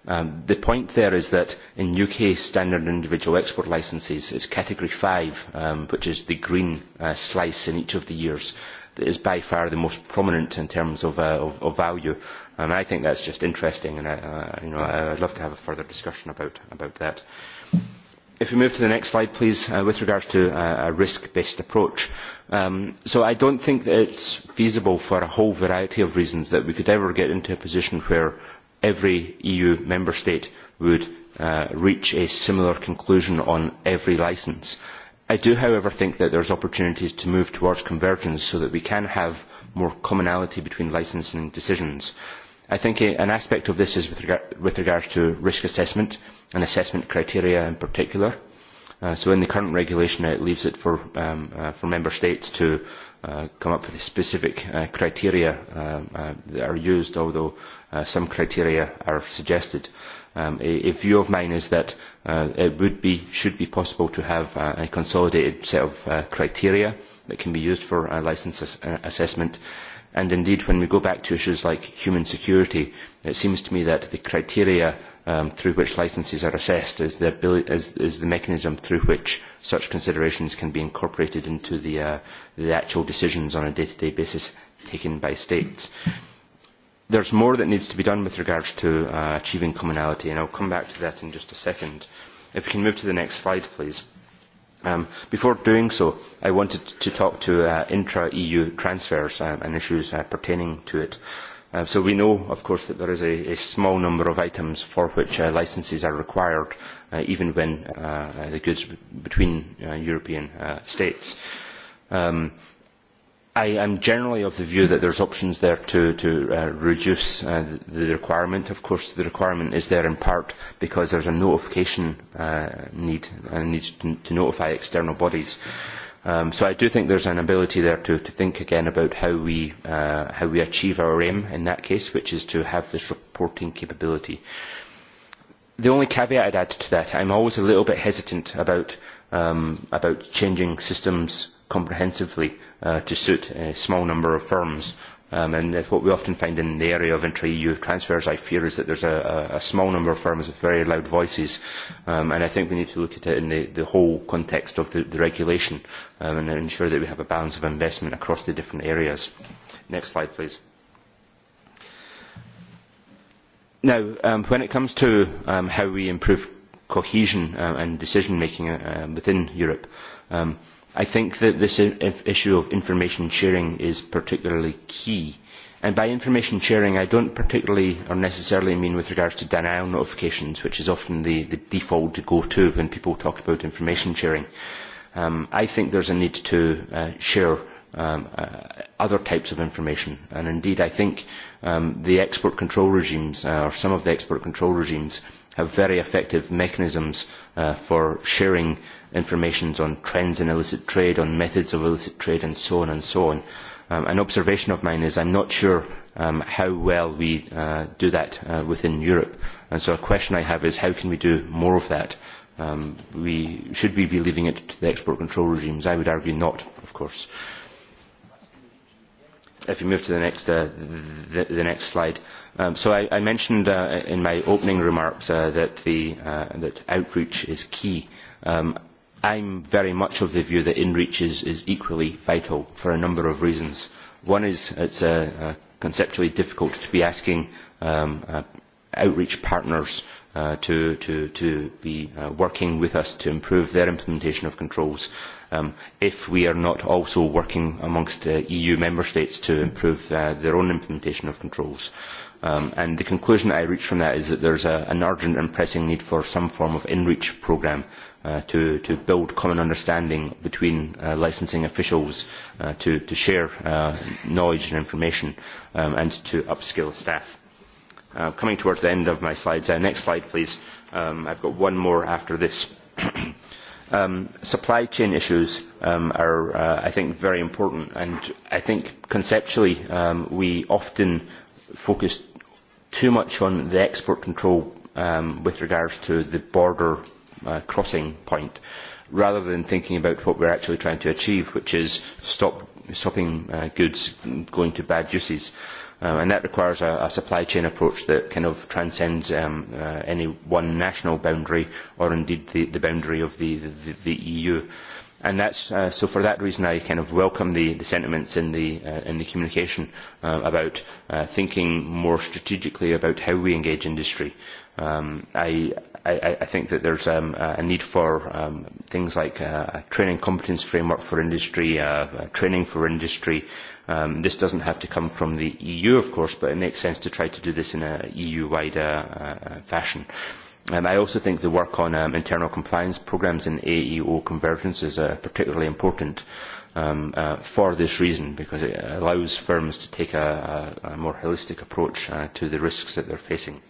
Speaker 4: Um, the point there is that in UK standard individual export licences, it's category 5, um, which is the green uh, slice in each of the years, that is by far the most prominent in terms of, uh, of, of value. And I think that's just interesting, and I, uh, you know, I'd love to have a further discussion about, about that. If we move to the next slide, please, uh, with regards to uh, a risk-based approach. Um, so I don't think that it's feasible for a whole variety of reasons that we could ever get into a position where every EU member state would uh, reach a similar conclusion on every licence. Uh, I do, however, think that there's opportunities to move towards convergence so that we can have more commonality between licensing decisions. I think a, an aspect of this is with, rega with regards to risk assessment and assessment criteria in particular. Uh, so in the current regulation, it leaves it for, um, uh, for member states to uh, come up with specific uh, criteria uh, uh, that are used, although uh, some criteria are suggested. Uh, um, a, a view of mine is that uh, it would be, should be possible to have uh, a consolidated set of uh, criteria that can be used for uh, license as, uh, assessment. And indeed, when we go back to issues like human security, it seems to me that the criteria um, through which licenses are assessed is the, ability, is, is the mechanism through which such considerations can be incorporated into the, uh, the actual decisions on a day-to-day -day basis taken by states. Mm-hmm there's more that needs to be done with regards to uh, achieving commonality, and I'll come back to that in just a second. If we can move to the next slide, please. Um, before doing so, I wanted to talk to uh, intra-EU transfers um, and issues uh, pertaining to it. Uh, so we know, of course, that there is a, a small number of items for which uh, licenses are required, uh, even when uh, the goods between uh, European uh, states. Um, I am generally of the view that there's options there to, to uh, reduce uh, the requirement. Of course, the requirement is there in part because there's a notification uh, need and needs to, to notify external bodies. Um, so I do think there's an ability there to, to think again about how we, uh, how we achieve our aim in that case, which is to have this reporting capability. The only caveat I'd add to that, I'm always a little bit hesitant about, um, about changing systems comprehensively uh, to suit a small number of firms. Um, and that's what we often find in the area of intra-EU transfers, I fear, is that there's a, a small number of firms with very loud voices. Um, and I think we need to look at it in the, the whole context of the, the regulation um, and ensure that we have a balance of investment across the different areas. Next slide, please. Now, um, when it comes to um, how we improve cohesion uh, and decision-making uh, within Europe, um, I think that this issue of information sharing is particularly key. And by information sharing, I don't particularly or necessarily mean with regards to denial notifications, which is often the, the default to go to when people talk about information sharing. Um, I think there's a need to uh, share um, uh, other types of information. And indeed, I think um, the export control regimes, uh, or some of the export control regimes, have very effective mechanisms uh, for sharing information on trends in illicit trade, on methods of illicit trade, and so on and so on. Um, an observation of mine is I'm not sure um, how well we uh, do that uh, within Europe. And so a question I have is how can we do more of that? Um, we, should we be leaving it to the export control regimes? I would argue not, of course. If you move to the next, uh, the, the next slide. Um, so I, I mentioned uh, in my opening remarks uh, that, the, uh, that outreach is key. Um, I'm very much of the view that inReach is, is equally vital for a number of reasons. One is it's uh, uh, conceptually difficult to be asking um, uh, outreach partners uh, to, to, to be uh, working with us to improve their implementation of controls um, if we are not also working amongst uh, EU member states to improve uh, their own implementation of controls. Um, and the conclusion I reach from that is that there's a, an urgent and pressing need for some form of in-reach programme uh, to, to build common understanding between uh, licensing officials uh, to, to share uh, knowledge and information um, and to upskill staff. Uh, coming towards the end of my slides, uh, next slide please. Um, I've got one more after this. um, supply chain issues um, are, uh, I think, very important and I think conceptually um, we often focus too much on the export control um, with regards to the border uh, crossing point, rather than thinking about what we're actually trying to achieve, which is stop, stopping uh, goods going to bad uses. Uh, and that requires a, a supply chain approach that kind of transcends um, uh, any one national boundary or indeed the, the boundary of the, the, the EU. E and that's, uh, so for that reason I kind of welcome the, the sentiments in the, uh, in the communication uh, about uh, thinking more strategically about how we engage industry. Um, I, I, I think that there's um, a need for um, things like uh, a training competence framework for industry, uh, training for industry. Um, this doesn't have to come from the EU, of course, but it makes sense to try to do this in an EU-wide uh, uh, fashion. Um, I also think the work on um, internal compliance programs and AEO convergence is uh, particularly important um, uh, for this reason, because it allows firms to take a, a, a more holistic approach uh, to the risks that they're facing.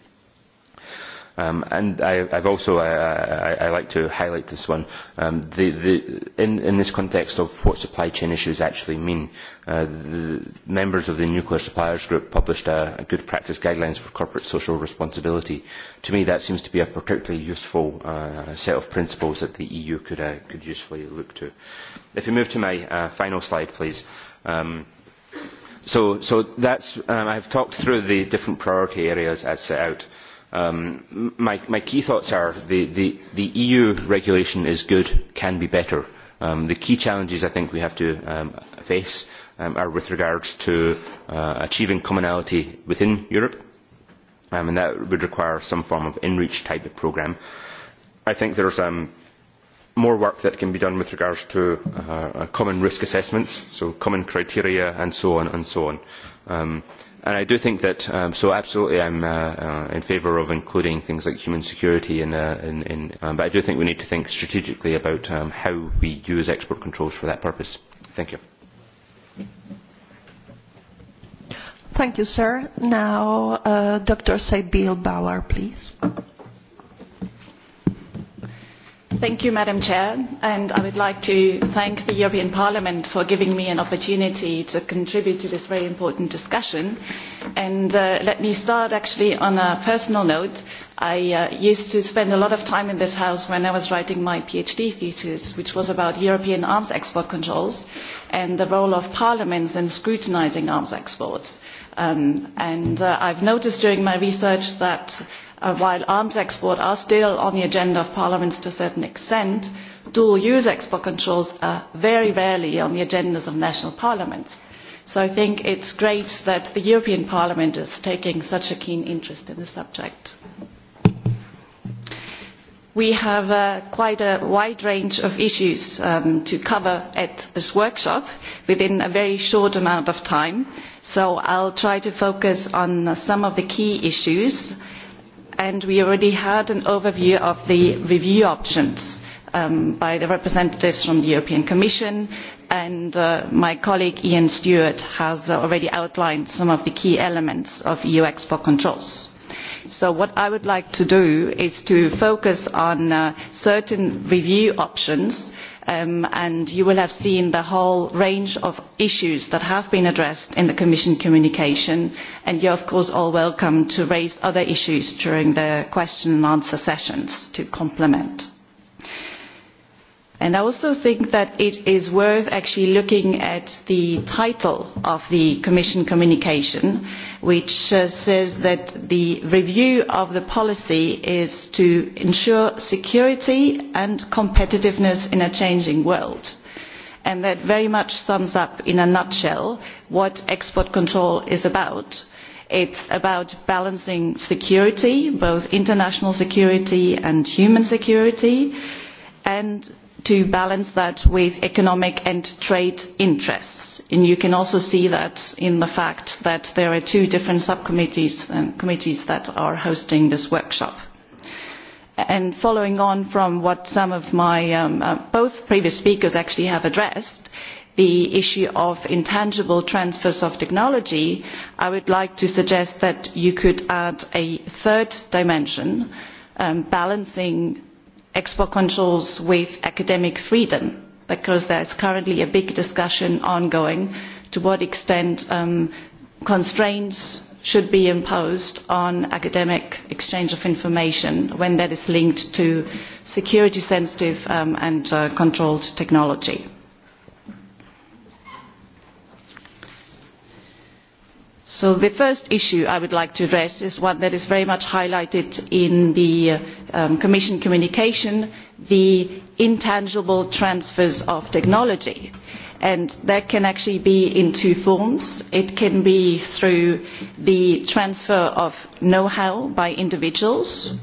Speaker 4: Um, and I, I've also I, I, I like to highlight this one. Um, the, the, in, in this context of what supply chain issues actually mean, uh, the members of the Nuclear Suppliers Group published a, a Good Practice Guidelines for Corporate Social Responsibility. To me, that seems to be a particularly useful uh, set of principles that the EU could, uh, could usefully look to. If you move to my uh, final slide, please. Um, so, so that's, um, I've talked through the different priority areas as set out. Uh, Um, my, my key thoughts are the, the, the EU regulation is good, can be better. Um, the key challenges I think we have to um, face um, are with regards to uh, achieving commonality within Europe, um, and that would require some form of in-reach type of programme. I think there's um, more work that can be done with regards to uh, common risk assessments, so common criteria and so on and so on. Um, And I do think that, um, so absolutely I'm uh, uh, in favour of including things like human security, in, uh, in, in, um, but I do think we need to think strategically about um, how we use export controls for that purpose. Thank you.
Speaker 1: Thank you, sir. Now, uh, Dr. Sabil Bauer, please. Mm -hmm.
Speaker 5: Thank you, Madam Chair, and I would like to thank the European Parliament for giving me an opportunity to contribute to this very important discussion. And uh, let me start actually on a personal note. I uh, used to spend a lot of time in this house when I was writing my PhD thesis, which was about European arms export controls and the role of parliaments in scrutinizing arms exports. Um, and uh, I've noticed during my research that uh, while arms exports are still on the agenda of parliaments to a certain extent, dual use export controls are very rarely on the agendas of national parliaments. So I think it's great that the European Parliament is taking such a keen interest in the subject. We have uh, quite a wide range of issues um, to cover at this workshop within a very short amount of time, so I'll try to focus on uh, some of the key issues and we already had an overview of the review options um, by the representatives from the European Commission and uh, my colleague Ian Stewart has already outlined some of the key elements of EU export controls. So what I would like to do is to focus on uh, certain review options uh, um, and you will have seen the whole range of issues that have been addressed in the Commission communication, and you're of course all welcome to raise other issues during the question and answer sessions to complement. And I also think that it is worth actually looking at the title of the Commission communication, which uh, says that the review of the policy is to ensure security and competitiveness in a changing world. And that very much sums up in a nutshell what export control is about it is about balancing security both international security and human security and to balance that with economic and trade interests. And you can also see that in the fact that there are two different subcommittees and um, committees that are hosting this workshop. And following on from what some of my um, uh, both previous speakers actually have addressed, the issue of intangible transfers of technology, I would like to suggest that you could add a third dimension, um, balancing export controls with academic freedom because there is currently a big discussion ongoing to what extent um, constraints should be imposed on academic exchange of information when that is linked to security sensitive um, and uh, controlled technology. So the first issue I would like to address is one that is very much highlighted in the um, Commission communication, the intangible transfers of technology. And that can actually be in two forms. It can be through the transfer of know-how by individuals,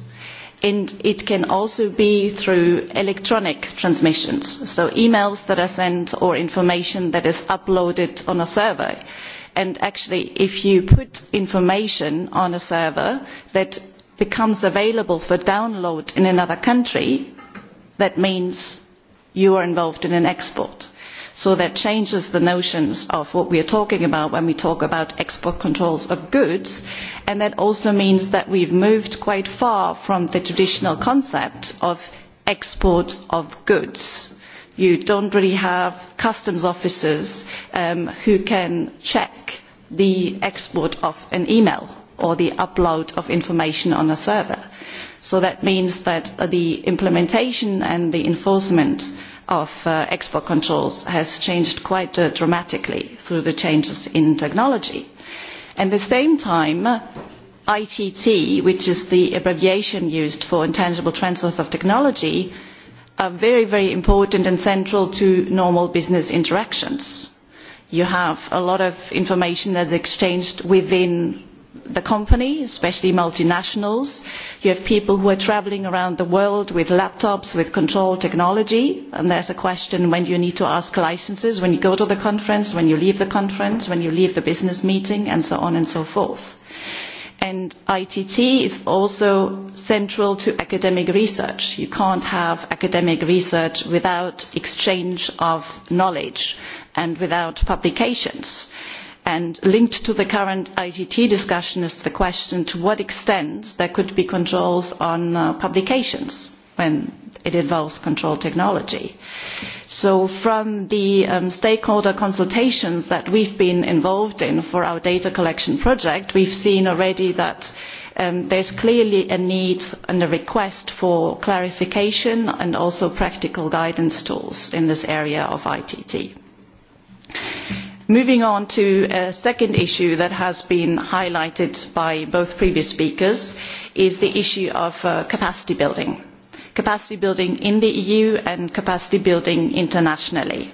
Speaker 5: and it can also be through electronic transmissions, so emails that are sent or information that is uploaded on a server. Uh, and actually if you put information on a server that becomes available for download in another country that means you are involved in an export. So that changes the notions of what we are talking about when we talk about export controls of goods. And that also means that we've moved quite far from the traditional concept of export of goods you do not really have customs officers um, who can check the export of an email or the upload of information on a server. So that means that the implementation and the enforcement of uh, export controls has changed quite uh, dramatically through the changes in technology. At the same time, ITT, which is the abbreviation used for intangible transfers of technology, are very, very important and central to normal business interactions. You have a lot of information that's exchanged within the company, especially multinationals. You have people who are traveling around the world with laptops, with control technology, and there's a question when you need to ask licenses, when you go to the conference, when you leave the conference, when you leave the business meeting, and so on and so forth and ITT is also central to academic research. You can't have academic research without exchange of knowledge and without publications. And linked to the current ITT discussion is the question to what extent there could be controls on uh, publications when it involves control technology. So from the um, stakeholder consultations that we've been involved in for our data collection project, we've seen already that um, there's clearly a need and a request for clarification and also practical guidance tools in this area of ITT. Moving on to a second issue that has been highlighted by both previous speakers is the issue of uh, capacity building capacity building in the EU and capacity building internationally.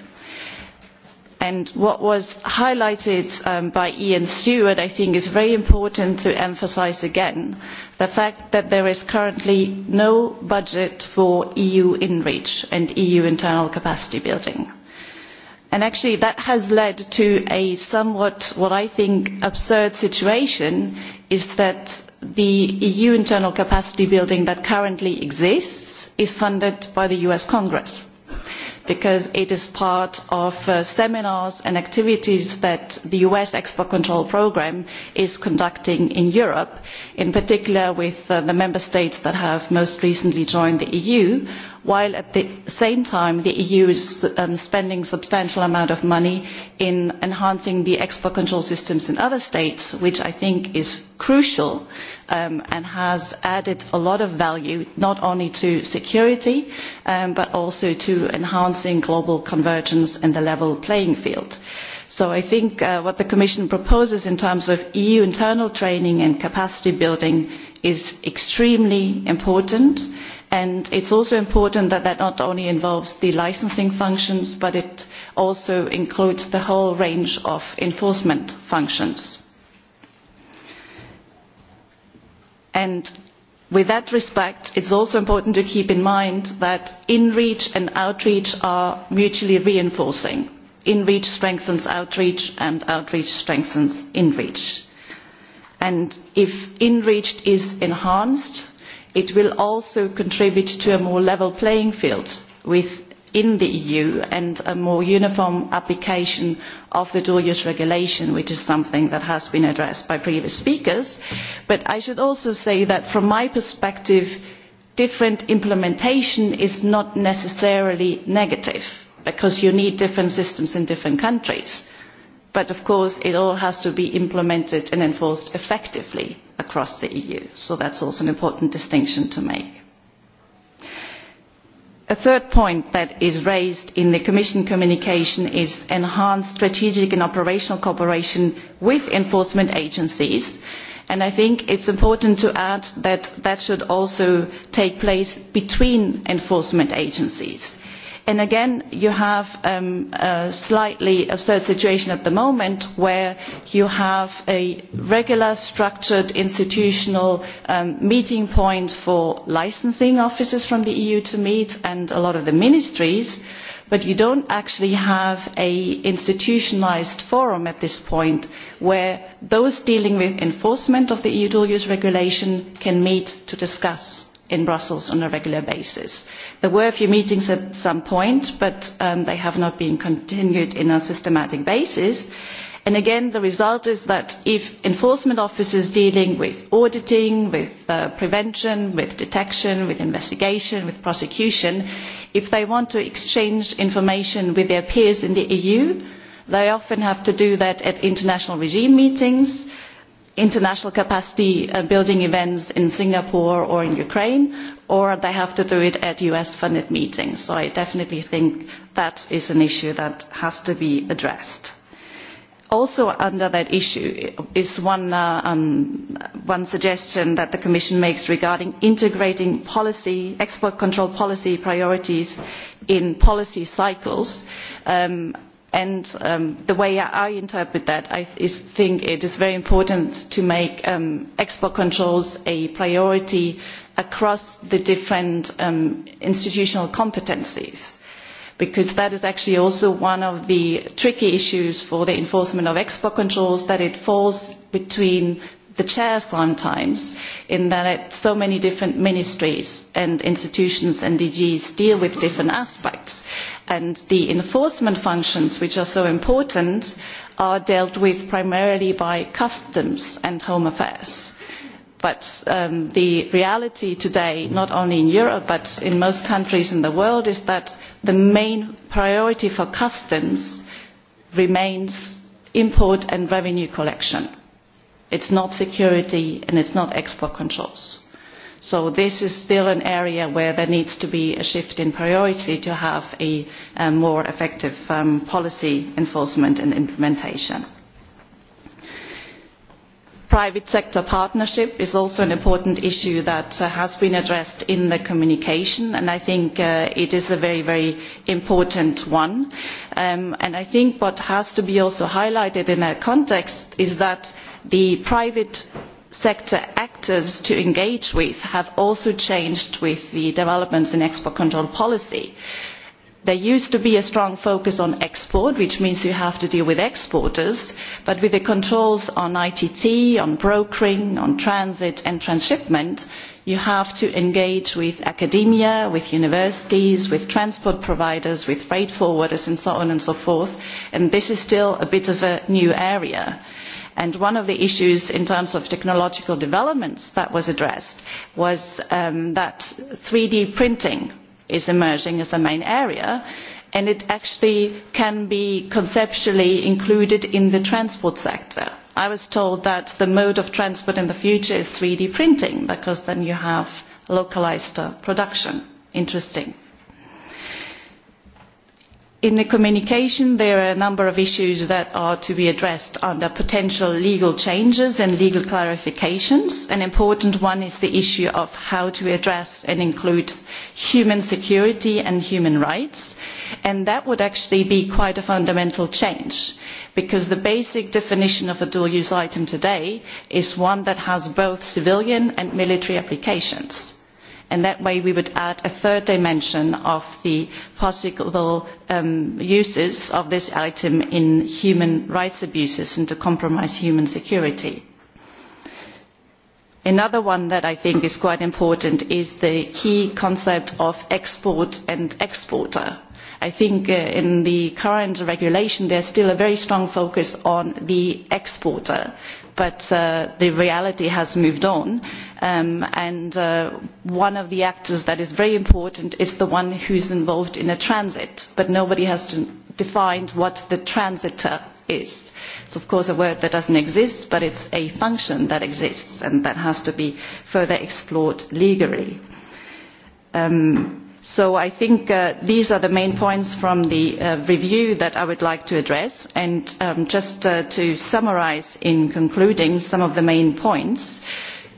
Speaker 5: And what was highlighted um, by Ian Stewart, I think, is very important to emphasize again the fact that there is currently no budget for EU inReach and EU internal capacity building. And actually, that has led to a somewhat, what I think, absurd situation is that the eu internal capacity building that currently exists is funded by the us congress because it is part of uh, seminars and activities that the us export control programme is conducting in europe in particular with uh, the member states that have most recently joined the eu while at the same time the eu is um, spending a substantial amount of money in enhancing the export control systems in other states which i think is crucial um, and has added a lot of value not only to security um, but also to enhancing global convergence and the level playing field so i think uh, what the commission proposes in terms of eu internal training and capacity building is extremely important and and it's also important that that not only involves the licensing functions but it also includes the whole range of enforcement functions. And with that respect it is also important to keep in mind that in reach and outreach are mutually reinforcing in reach strengthens outreach and outreach strengthens in reach and if in reach is enhanced it will also contribute to a more level playing field within the eu and a more uniform application of the dual use regulation which is something that has been addressed by previous speakers but i should also say that from my perspective different implementation is not necessarily negative because you need different systems in different countries but of course it all has to be implemented and enforced effectively across the EU. So that's also an important distinction to make. A third point that is raised in the Commission communication is enhanced strategic and operational cooperation with enforcement agencies. And I think it's important to add that that should also take place between enforcement agencies and again you have um, a slightly absurd situation at the moment where you have a regular structured institutional um, meeting point for licensing officers from the eu to meet and a lot of the ministries but you do not actually have an institutionalised forum at this point where those dealing with enforcement of the eu dual use regulation can meet to discuss in Brussels on a regular basis. There were a few meetings at some point, but um, they have not been continued in a systematic basis. And again, the result is that if enforcement officers dealing with auditing, with uh, prevention, with detection, with investigation, with prosecution, if they want to exchange information with their peers in the EU, they often have to do that at international regime meetings, uh, international capacity uh, building events in Singapore or in Ukraine, or they have to do it at US funded meetings. So I definitely think that is an issue that has to be addressed. Also under that issue is one, uh, um, one suggestion that the Commission makes regarding integrating policy, export control policy priorities in policy cycles. Um, and um, the way I interpret that, I th think it is very important to make um, export controls a priority across the different um, institutional competencies, because that is actually also one of the tricky issues for the enforcement of export controls, that it falls between the chair sometimes in that so many different ministries and institutions and DGs deal with different aspects and the enforcement functions which are so important are dealt with primarily by customs and home affairs but um, the reality today not only in europe but in most countries in the world is that the main priority for customs remains import and revenue collection it is not security and it is not export controls. So this is still an area where there needs to be a shift in priority to have a, a more effective um, policy enforcement and implementation. Private sector partnership is also an important issue that uh, has been addressed in the communication and I think uh, it is a very, very important one. Um, and I think what has to be also highlighted in that context is that the private sector actors to engage with have also changed with the developments in export control policy. There used to be a strong focus on export, which means you have to deal with exporters, but with the controls on ITT, on brokering, on transit and transshipment, you have to engage with academia, with universities, with transport providers, with freight forwarders and so on and so forth, and this is still a bit of a new area. Uh, And one of the issues in terms of technological developments that was addressed was um, that 3D printing is emerging as a main area and it actually can be conceptually included in the transport sector. I was told that the mode of transport in the future is 3D printing because then you have localized uh, production. Interesting in the communication there are a number of issues that are to be addressed under potential legal changes and legal clarifications. an important one is the issue of how to address and include human security and human rights and that would actually be quite a fundamental change because the basic definition of a dual use item today is one that has both civilian and military applications and that way we would add a third dimension of the possible um, uses of this item in human rights abuses and to compromise human security. Another one that I think is quite important is the key concept of export and exporter I think uh, in the current regulation there's still a very strong focus on the exporter, but uh, the reality has moved on. Um, and uh, one of the actors that is very important is the one who's involved in a transit, but nobody has to, defined what the transitor is. It's of course a word that doesn't exist, but it's a function that exists and that has to be further explored legally. Um, so i think uh, these are the main points from the uh, review that i would like to address and um, just uh, to summarise in concluding some of the main points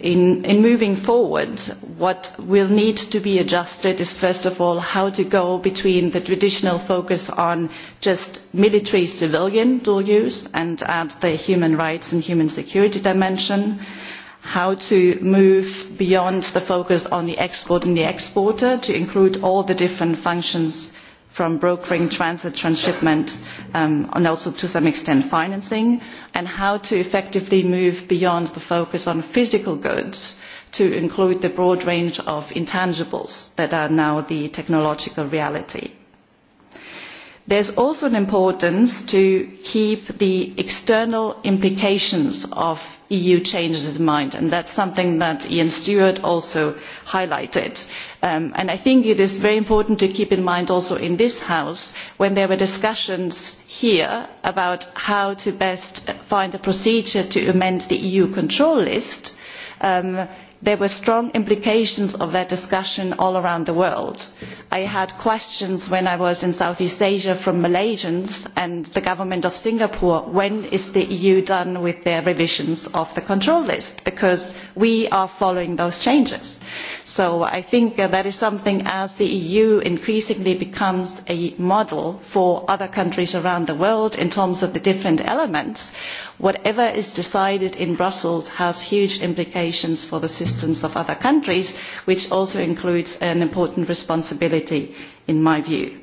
Speaker 5: in, in moving forward what will need to be adjusted is first of all how to go between the traditional focus on just military civilian dual use and add the human rights and human security dimension and how to move beyond the focus on the export and the exporter to include all the different functions from brokering, transit, transshipment, um, and also to some extent financing, and how to effectively move beyond the focus on physical goods to include the broad range of intangibles that are now the technological reality there is also an importance to keep the external implications of eu changes in mind and that is something that ian stewart also highlighted. Um, i think it is very important to keep in mind also in this house when there were discussions here about how to best find a procedure to amend the eu control list um, there were strong implications of that discussion all around the world. I had questions when I was in Southeast Asia from Malaysians and the government of Singapore, when is the EU done with their revisions of the control list? Because we are following those changes. So I think that is something as the EU increasingly becomes a model for other countries around the world in terms of the different elements, whatever is decided in Brussels has huge implications for the systems of other countries, which also includes an important responsibility security in my view.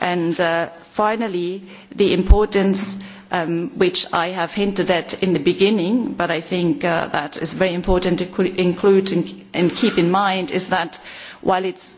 Speaker 5: And uh, finally, the importance um, which I have hinted at in the beginning, but I think uh, that is very important to include and, and keep in mind, is that while it's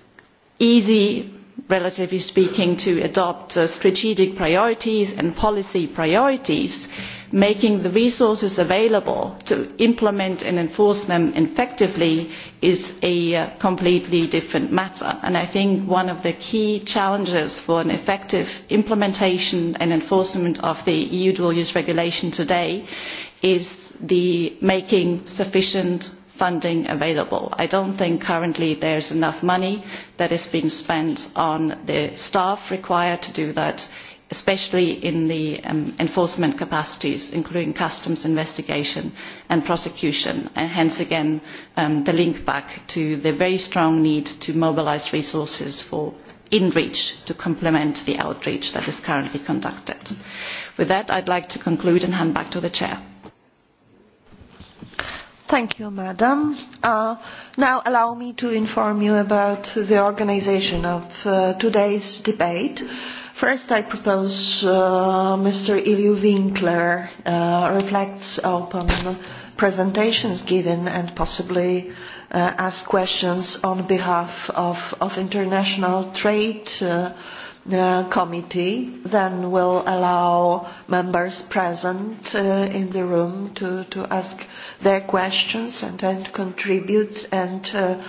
Speaker 5: easy, relatively speaking, to adopt uh, strategic priorities and policy priorities, uh, making the resources available to implement and enforce them effectively is a uh, completely different matter. And I think one of the key challenges for an effective implementation and enforcement of the EU dual-use regulation today is the making sufficient funding available. I don't think currently there's enough money that is being spent on the staff required to do that especially in the um, enforcement capacities, including customs investigation and prosecution, and hence again um, the link back to the very strong need to mobilise resources for in-reach to complement the outreach that is currently conducted. With that, I'd like to conclude and hand back to the Chair.
Speaker 1: Thank you, Madam. Uh, now allow me to inform you about the organisation of uh, today's debate. Uh, First, I propose uh, Mr. Ilyu Winkler uh, reflects upon presentations given and possibly uh, ask questions on behalf of, of International Trade uh, uh, Committee. Then we'll allow members present uh, in the room to, to ask their questions and, and contribute and uh,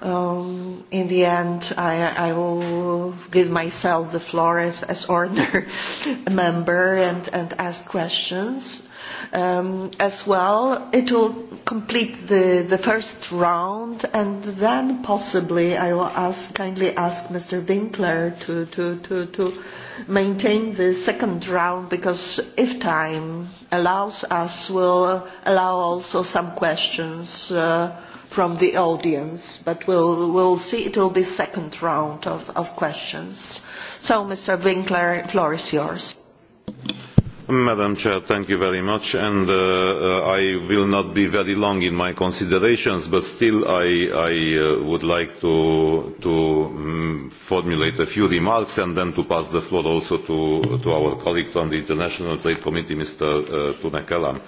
Speaker 1: um, in the end, I, I will give myself the floor as, as ordinary member and, and ask questions. Um, as well, it will complete the, the first round, and then possibly I will ask, kindly ask Mr. Winkler to, to, to, to maintain the second round because if time allows us, we'll allow also some questions. Uh, from the audience, but we'll, we'll see. It will be second round of, of questions. So, Mr. Winkler, floor is yours.
Speaker 2: Madam Chair, thank you very much, and uh, uh, I will not be very long in my considerations, but still I, I uh, would like to, to um, formulate a few remarks and then to pass the floor also to, to our colleague from the International Trade Committee, Mr. Uh, Tune Kellam. Uh,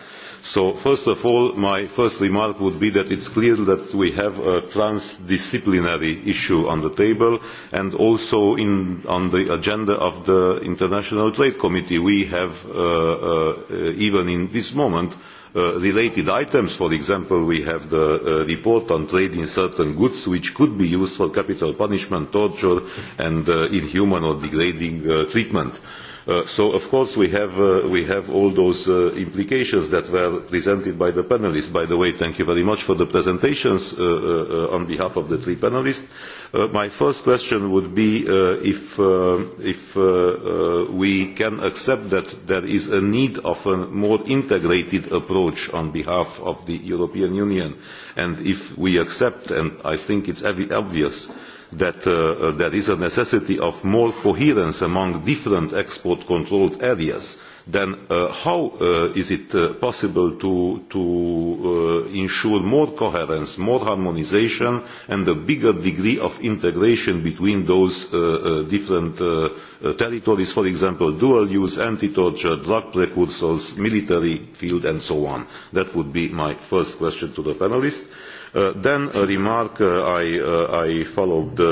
Speaker 2: So first of all, my first remark would be that it's clear that we have a transdisciplinary issue on the table and also in, on the agenda of the International Trade Committee we have, uh, uh, even in this moment, uh, related items. For example, we have the uh, report on trade in certain goods which could be used for capital punishment, torture and uh, inhuman or degrading uh, treatment. Uh, Uh, so of course we have, uh, we have all those uh, implications that were presented by the panelists. By the way, thank you very much for the presentations uh, uh, on behalf of the three panelists. Uh, my first question would be uh, if, uh, if uh, uh, we can accept that there is a need of a more integrated approach on behalf of the European Union and if we accept, and I think it's obvious, uh, that uh, uh, there is a necessity of more coherence among different export controlled areas then uh, how uh, is it uh, possible to, to uh, ensure more coherence, more harmonization and a bigger degree of integration between those uh, uh, different uh, uh, territories, for example, dual use, anti-torture, drug precursors, military field and so on? That would be my first question to the panelists. Uh, Uh, then a remark, uh, I, uh, I followed the,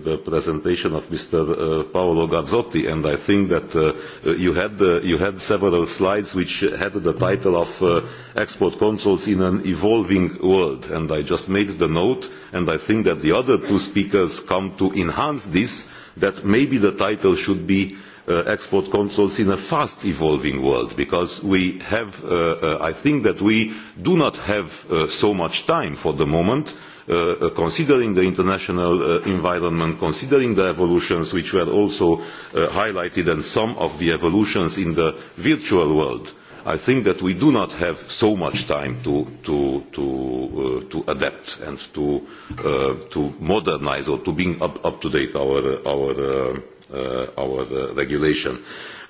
Speaker 2: uh, the presentation of Mr. Uh, Paolo Gazzotti and I think that uh, you, had, uh, you had several slides which had the title of uh, Export Controls in an Evolving World and I just made the note and I think that the other two speakers come to enhance this that maybe the title should be uh, uh, export controls in a fast evolving world because we have, uh, uh, I think that we do not have uh, so much time for the moment uh, uh, considering the international uh, environment, considering the evolutions which were also uh, highlighted and some of the evolutions in the virtual world. I think that we do not have so much time to, to, to, uh, to adapt and to, uh, to modernize or to bring up, up to date our, our uh, uh, our uh, regulation.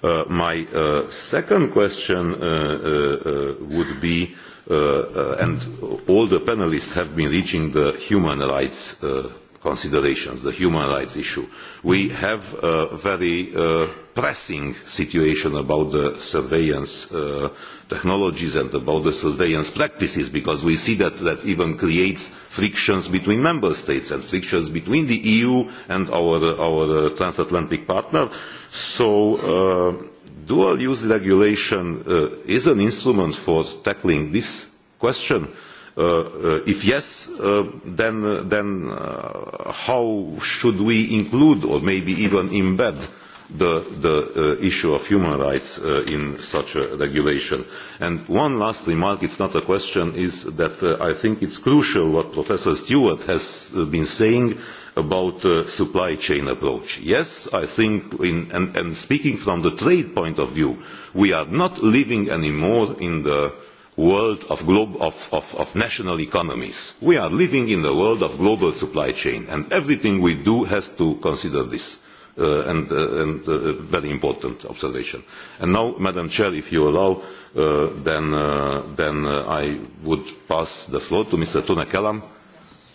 Speaker 2: Uh, my uh, second question uh, uh, uh, would be, uh, uh, and all the panelists have been reaching the human rights uh, considerations, the human rights issue. We have a very uh, pressing situation about the surveillance uh, technologies and about the surveillance practices because we see that that even creates frictions between member states and frictions between the EU and our, our uh, transatlantic partner. So uh, dual use regulation uh, is an instrument for tackling this question. Uh, Uh, uh, if yes, uh, then, then uh, how should we include or maybe even embed the, the uh, issue of human rights uh, in such a regulation? And one last remark, it's not a question, is that uh, I think it's crucial what Professor Stewart has uh, been saying about uh, supply chain approach. Yes, I think, in, and, and speaking from the trade point of view, we are not living anymore in the world of, glo- of, of, of national economies. We are living in the world of global supply chain, and everything we do has to consider this. Uh, and uh, and uh, very important observation. And now, Madam Chair, if you allow, uh, then, uh, then uh, I would pass the floor to Mr. Tuna Kellam.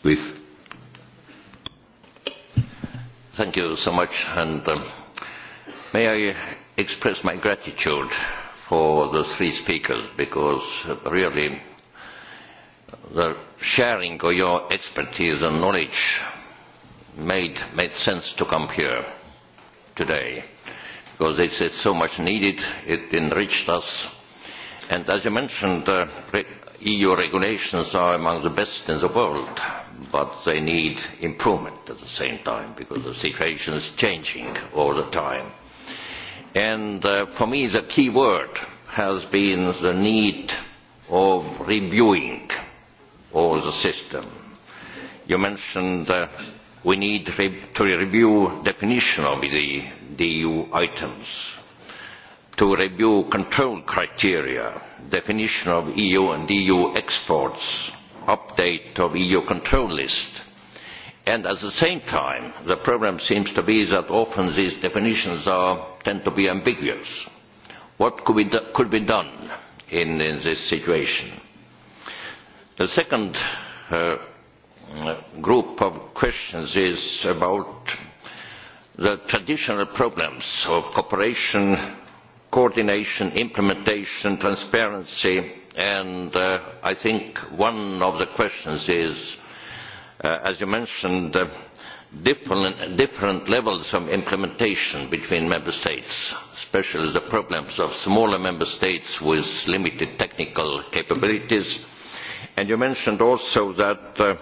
Speaker 2: Please.
Speaker 6: Thank you so much, and um, may I express my gratitude for the three speakers because really the sharing of your expertise and knowledge made, made sense to come here today because it's, it's so much needed, it enriched us. And as you mentioned, uh, re- EU regulations are among the best in the world, but they need improvement at the same time because the situation is changing all the time And uh, for me, the key word has been the need of reviewing of the system. You mentioned uh, we need re to review definition of the, the EU items, to review control criteria, definition of EU and EU exports, update of EU control list, and at the same time the problem seems to be that often these definitions are, tend to be ambiguous. What could be, do, could be done in, in this situation? The second uh, group of questions is about the traditional problems of cooperation, coordination, implementation, transparency, and uh, I think one of the questions is uh, as you mentioned, uh, different, different levels of implementation between member states, especially the problems of smaller member states with limited technical capabilities. And you mentioned also that uh,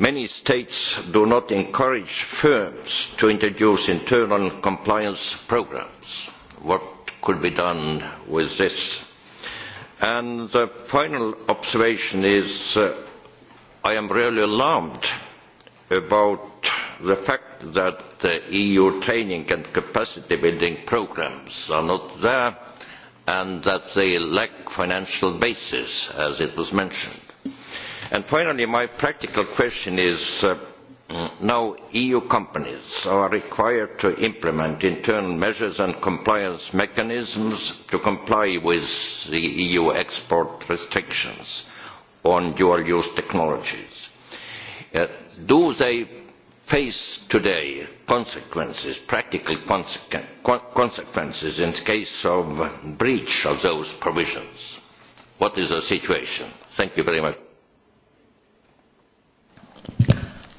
Speaker 6: many states do not encourage firms to introduce internal compliance programs. What could be done with this? And the final observation is uh, I am really alarmed about the fact that the EU training and capacity building programs are not there and that they lack financial basis, as it was mentioned. And finally, my practical question is uh, mm, now EU companies are required to implement internal measures and compliance mechanisms to comply with the EU export restrictions on dual-use technologies. Uh, do they face today consequences, practical consequ consequences in case of breach of those provisions? What is the situation? Thank you very much.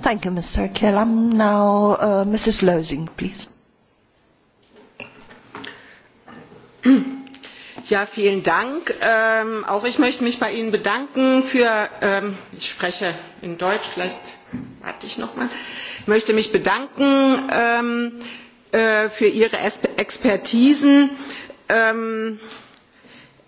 Speaker 1: Thank you, Mr. Kellam. Now, uh, Mrs. Losing, please.
Speaker 7: Ja, vielen Dank. Ähm, auch ich möchte mich bei Ihnen bedanken für, ähm, ich spreche in Deutsch, vielleicht warte ich noch mal, ich möchte mich bedanken ähm, äh, für Ihre Expertisen. Ähm,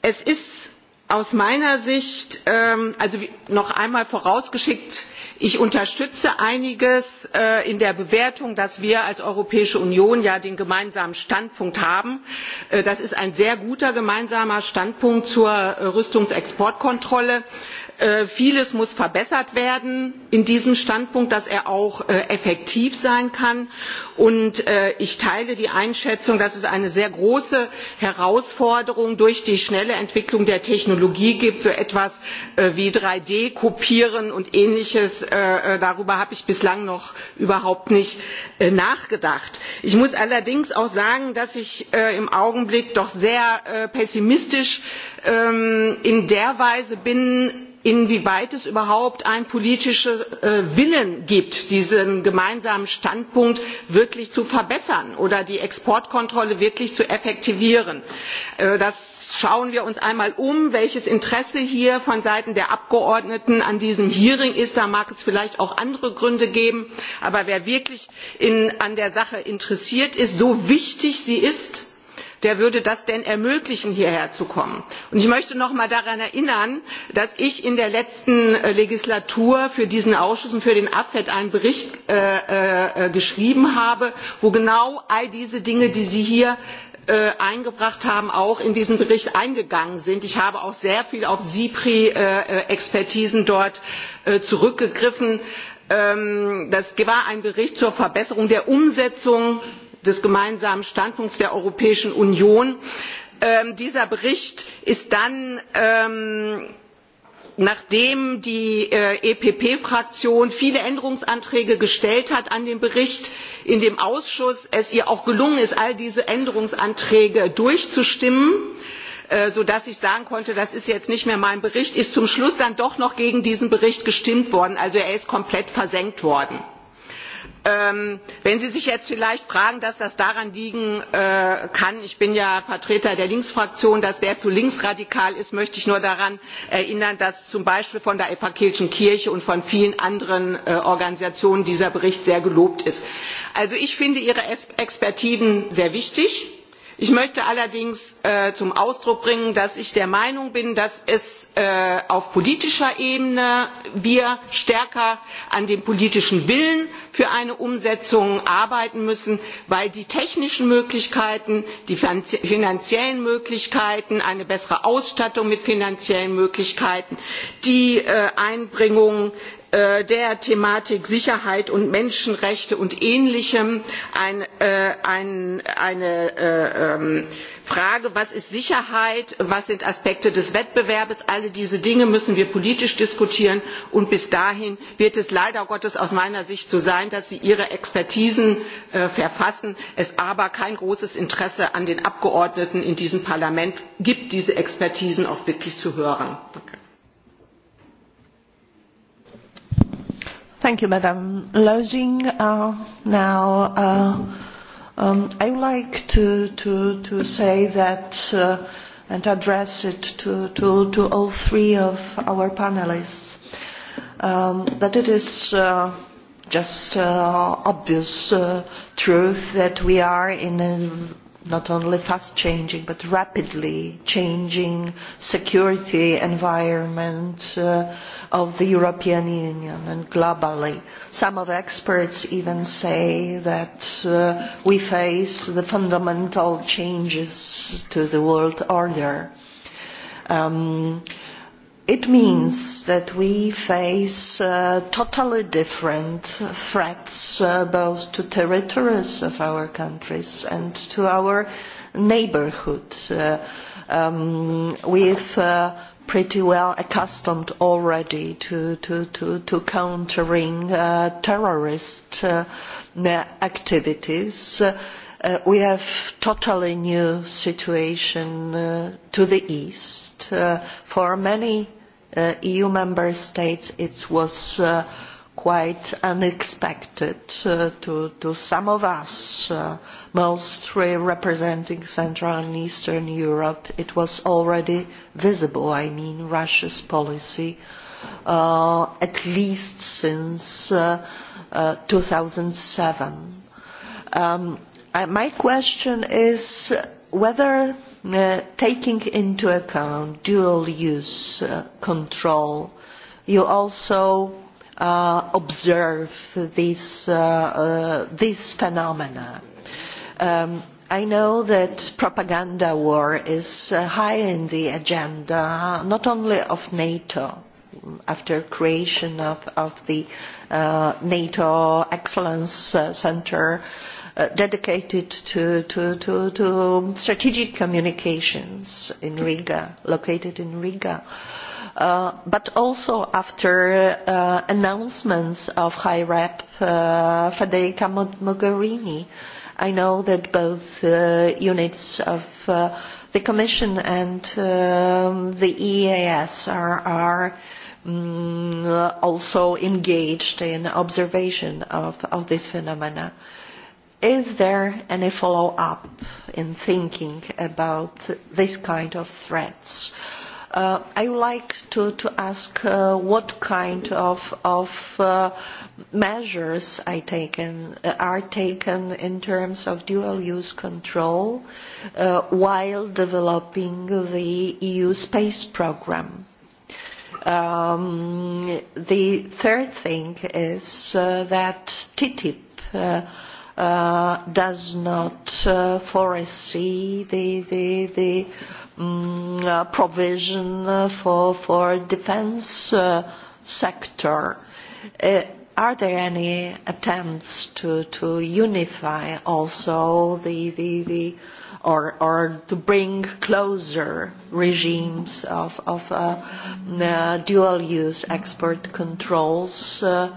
Speaker 7: es ist aus meiner sicht ähm, also noch einmal vorausgeschickt ich unterstütze einiges äh, in der bewertung dass wir als europäische union ja den gemeinsamen standpunkt haben äh, das ist ein sehr guter gemeinsamer standpunkt zur äh, rüstungsexportkontrolle. Äh, vieles muss verbessert werden in diesem standpunkt damit er auch äh, effektiv sein kann und äh, ich teile die einschätzung dass es eine sehr große herausforderung durch die schnelle entwicklung der technologie gibt so etwas wie drei d kopieren und ähnliches darüber habe ich bislang noch überhaupt nicht nachgedacht. ich muss allerdings auch sagen dass ich im augenblick doch sehr pessimistisch ähm, in der weise bin inwieweit es überhaupt einen politischen äh, willen gibt diesen gemeinsamen standpunkt wirklich zu verbessern oder die exportkontrolle wirklich zu effektivieren. Äh, schauen wir uns einmal um welches interesse hier von seiten der abgeordneten an diesem hearing ist da mag es vielleicht auch andere gründe geben aber wer wirklich an der sache interessiert ist so wichtig sie ist der würde das denn ermöglichen hierher zu kommen? Und ich möchte noch einmal daran erinnern dass ich in der letzten äh, legislatur für diesen ausschuss und für den afet einen bericht äh, äh, äh, geschrieben habe wo genau all diese dinge die sie hier äh, eingebracht haben auch in diesen bericht eingegangen sind. ich habe auch sehr viel auf cipri expertisen dort zurückgegriffen. Ähm, das war ein bericht zur verbesserung der umsetzung des gemeinsamen standpunkts der europäischen union. Ähm, dieser bericht ist dann ähm, nachdem die äh, epp fraktion viele änderungsanträge gestellt hat an den bericht in dem ausschuss es ihr auch gelungen ist all diese änderungsanträge durchzustimmen äh, sodass ich sagen konnte das ist jetzt nicht mehr mein bericht ist zum schluss dann doch noch gegen diesen bericht gestimmt worden also er ist komplett versenkt worden Ähm, wenn sie sich jetzt vielleicht fragen dass das daran liegen äh, kann ich bin ja vertreter der linksfraktion dass der zu linksradikal ist möchte ich nur daran erinnern dass zum beispiel von der evangelischen kirche und von vielen anderen äh, organisationen dieser bericht sehr gelobt ist. also ich finde ihre expertisen sehr wichtig ich möchte allerdings äh, zum ausdruck bringen dass ich der meinung bin dass wir äh, auf politischer ebene stärker an dem politischen willen für eine umsetzung arbeiten müssen weil die technischen möglichkeiten die finanziellen möglichkeiten eine bessere ausstattung mit finanziellen möglichkeiten die äh, einbringung Äh, der thematik sicherheit und menschenrechte und ähnlichem ein, äh, ein, eine äh, ähm, frage was ist sicherheit was sind aspekte des wettbewerbs all diese dinge müssen wir politisch diskutieren und bis dahin wird es leider gottes aus meiner sicht so sein dass sie ihre expertisen äh, verfassen es aber kein großes interesse an den abgeordneten in diesem parlament gibt diese expertisen auch wirklich zu hören. Danke.
Speaker 1: Thank you, Madam Losing. Uh, now, uh, um, I would like to, to, to say that uh, and address it to, to, to all three of our panelists um, that it is uh, just uh, obvious uh, truth that we are in a not only fast changing but rapidly changing security environment uh, of the European Union and globally. Some of experts even say that uh, we face the fundamental changes to the world order. Um, uh, it means that we face uh, totally different threats, uh, both to territories of our countries and to our neighborhood. Uh, um, we've uh, pretty well accustomed already to, to, to, to countering uh, terrorist uh, activities. Uh, Uh, we have a totally new situation uh, to the east. Uh, for many uh, EU member states, it was uh, quite unexpected uh, to, to some of us, uh, mostly representing Central and Eastern Europe. It was already visible, I mean, Russia's policy, uh, at least since uh, uh, 2007. Um, Uh, my question is whether uh, taking into account dual use uh, control, you also uh, observe these, uh, uh, these phenomena. Um, I know that propaganda war is uh, high in the agenda, not only of NATO, after creation of, of the uh, NATO Excellence uh, Center, uh, uh, dedicated to, to, to, to strategic communications in Riga, located in Riga. Uh, but also after uh, announcements of High Rep uh, Federica Mogherini, I know that both uh, units of uh, the Commission and um, the EAS are, are um, also engaged in observation of, of this phenomena. Uh, Is there any follow-up in thinking about this kind of threats? Uh, I would like to, to ask uh, what kind of, of uh, measures I taken, uh, are taken in terms of dual-use control uh, while developing the EU space program. Um, the third thing is uh, that TTIP uh, uh, does not uh, foresee the, the, the um, uh, provision for, for defense uh, sector. Uh, are there any attempts to, to unify also the, the, the or, or to bring closer regimes of, of uh, uh, dual-use export controls uh,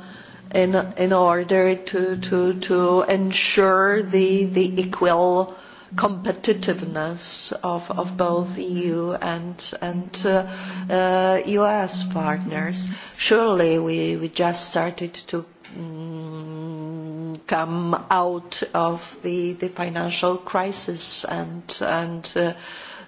Speaker 1: in, in order to, to, to ensure the, the equal competitiveness of, of both EU and, and uh, uh, US partners. Surely we, we just started to um, come out of the, the financial crisis and, and uh,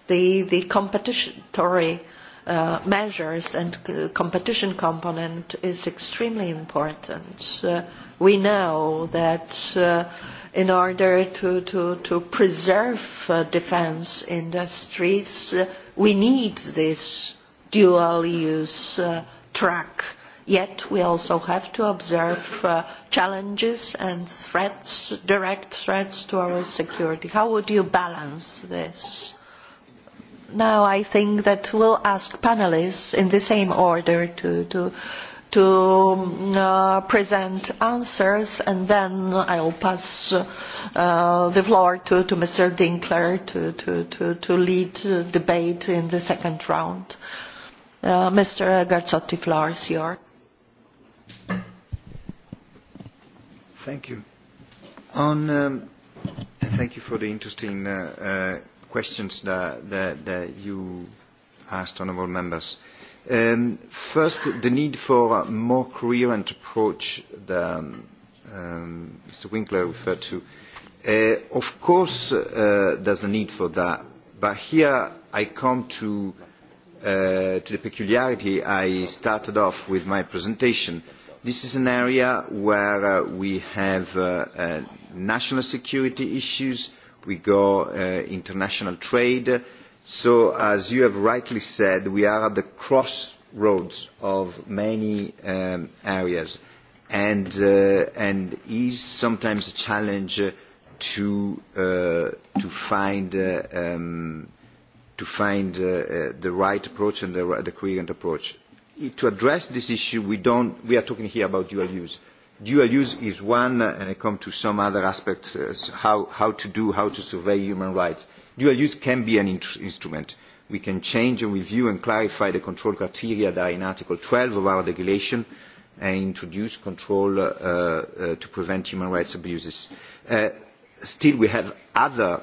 Speaker 1: the, the competitory uh, uh, measures and c- competition component is extremely important. Uh, we know that uh, in order to, to, to preserve uh, defense industries, uh, we need this dual use uh, track. Yet we also have to observe uh, challenges and threats, direct threats to our security. How would you balance this? now I think that we'll ask panelists in the same order to, to, to um, uh, present answers and then I'll pass uh, the floor to, to Mr. Dinkler to, to, to, to lead the debate in the second round. Uh, Mr. Garzotti, floor is
Speaker 7: yours.
Speaker 3: Thank you. On, um, thank you for the interesting uh, uh, questions that, that, that you asked, honourable members. Um, first, the need for a more coherent approach that um, um, Mr. Winkler referred to. Uh, of course, uh, there's a need for that, but here I come to, uh, to the peculiarity I started off with my presentation. This is an area where uh, we have uh, uh, national security issues, we go uh, international trade. So, as you have rightly said, we are at the crossroads of many um, areas, and uh, and is sometimes a challenge uh, to uh, to find. Uh, um, to find uh, uh, the right approach and the, the coherent approach. To address this issue, we, don't, we are talking here about dual use. Uh, dual use is one, uh, and I come to some other aspects, uh, how, how to do, how to survey human rights. Dual use can be an in instrument. We can change and review and clarify the control criteria that are in Article 12 of our regulation and introduce control uh, uh, to prevent human rights abuses. Uh, still, we have other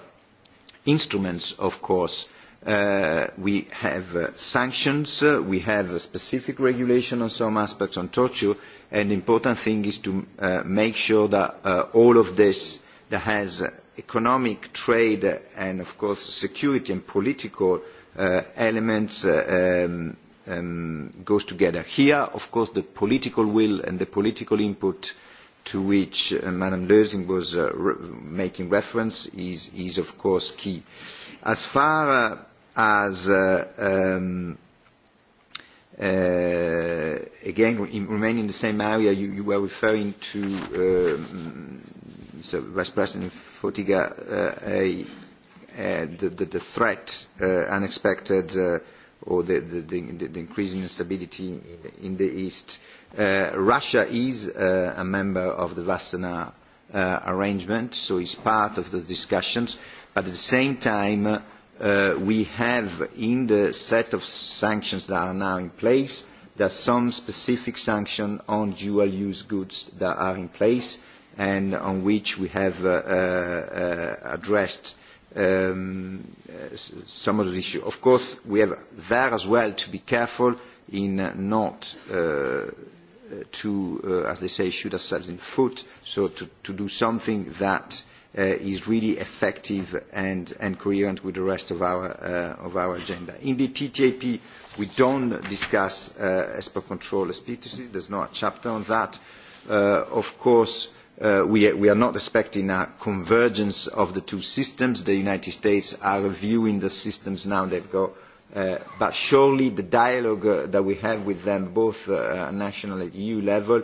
Speaker 3: instruments, of course, Uh, we have uh, sanctions, uh, we have a specific regulation on some aspects on torture, and the important thing is to uh, make sure that uh, all of this that has economic, trade, and of course security and political uh, elements uh, um, um, goes together. Here, of course, the political will and the political input uh, to which uh, Madam Lösing was uh, re making reference is, is of course key. As far uh, as uh, um, uh, again in, remaining in the same area, you, you were referring to um, so Vice President Fotiga, uh, a, uh, the, the, the threat, uh, unexpected, uh, or the, the, the, the increasing instability in the, in the East. Uh, Uh, Russia is uh, a member of the Vassana uh, arrangement, so it's part of the discussions. But at the same time, uh, uh, we have in the set of sanctions that are now in place, there are some specific sanctions on dual-use goods that are in place and on which we have uh, uh, addressed um, some of the issue. Of course, we have there as well to be careful in not uh, Uh, to, uh, as they say, shoot ourselves in foot, so to, to do something that uh, is really effective and, and coherent with the rest of our, uh, of our agenda. In the TTIP, we don't discuss uh, ESPA control explicitly. There's no chapter on that. Uh, of course, uh, we, we are not expecting a convergence of the two systems. The United States are reviewing the systems now. They've got Uh, but surely the dialogue uh, that we have with them, both uh, at national and EU level,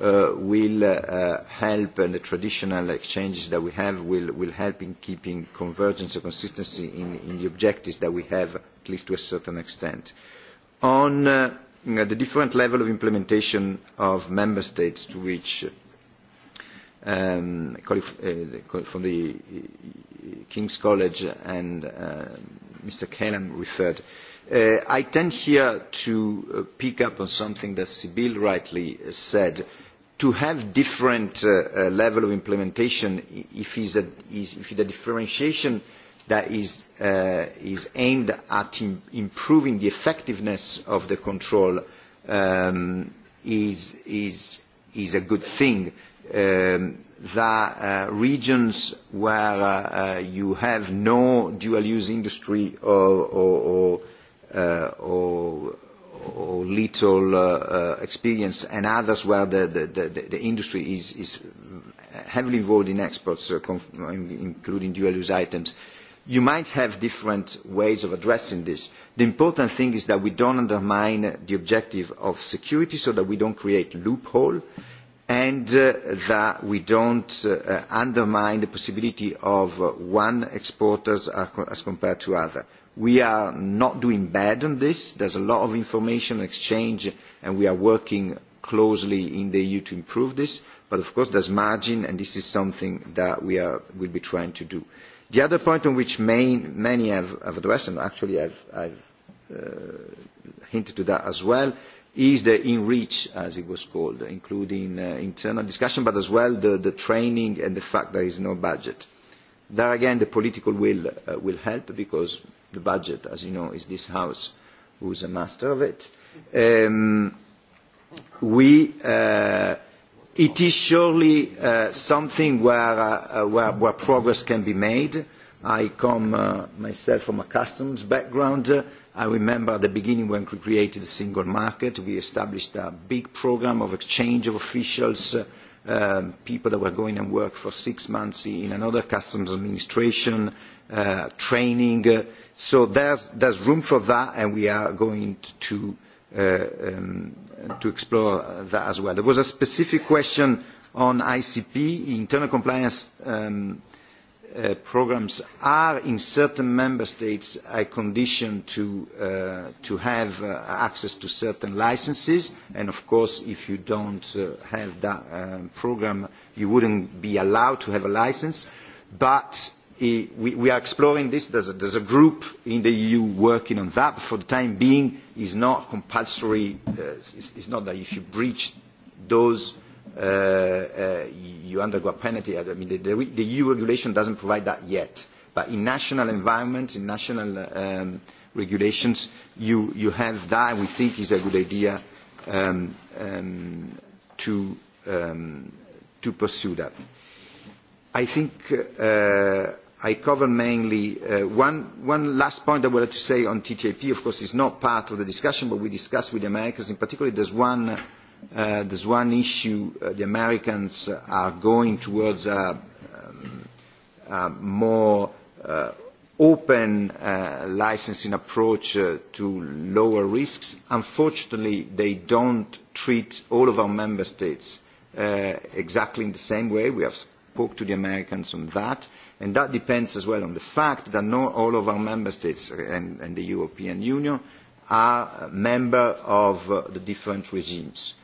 Speaker 3: uh, will uh, uh, help, and the traditional exchanges that we have will, will help in keeping convergence and consistency in, in the objectives that we have, at least to a certain extent. On uh, the different level of implementation of member states to which um, uh, from the King's College and um, Mr. Kalam referred. Uh, I tend here to uh, pick up on something that Sibyl rightly said. To have different uh, uh, level of implementation, if, is a, is, if the differentiation that is, uh, is aimed at Im- improving the effectiveness of the control um, is, is, is a good thing um, the uh, regions where uh, uh, you have no dual-use industry or, or, or, uh, or, or little uh, uh, experience and others where the, the, the, the industry is, is heavily involved in exports, uh, including dual-use items, you might have different ways of addressing this. The important thing is that we don't undermine the objective of security so that we don't create loophole. Uh, and uh, that we don't uh, undermine the possibility of uh, one exporter as compared to other. We are not doing bad on this. There's a lot of information exchange, and we are working closely in the EU to improve this. But of course, there's margin, and this is something that we are, will be trying to do. The other point on which main, many have, have addressed, and actually I've, I've uh, hinted to that as well, is the enrich, as it was called, including uh, internal discussion, but as well the, the training and the fact there is no budget. There again, the political will uh, will help because the budget, as you know, is this House who is a master of it. Um, we, uh, it is surely uh, something where, uh, uh, where, where progress can be made. I come uh, myself from a customs background. Uh, I remember at the beginning when we created the single market, we established a big program of exchange of officials, uh, um, people that were going and work for six months in another customs administration, uh, training. Uh, so there's, there's room for that, and we are going to, uh, um, to explore that as well. There was a specific question on ICP, internal compliance um, uh, programs are in certain member states a condition to, uh, to have uh, access to certain licenses and of course if you don't uh, have that um, program you wouldn't be allowed to have a license but we, we are exploring this. There's a, there's a group in the EU working on that. But for the time being, it's not compulsory. Uh, it's, it's not that if you breach those uh, uh, you undergo a penalty. I mean, the, the, the EU regulation doesn't provide that yet. But in national environments, in national um, regulations, you, you have that. We think is a good idea um, um, to, um, to pursue that. I think uh, I covered mainly uh, one, one last point I would like to say on TTIP. Of course, it's not part of the discussion, but we discussed with the Americans. In particular, there's one uh, Uh, there's one issue, uh, the Americans uh, are going towards a, uh, um, a uh, more uh, open uh, licensing approach uh, to lower risks. Unfortunately, they don't treat all of our member states uh, exactly in the same way. We have spoke to the Americans on that, and that depends as well on the fact that not all of our member states and, and the European Union are a member of uh, the different regimes. Uh,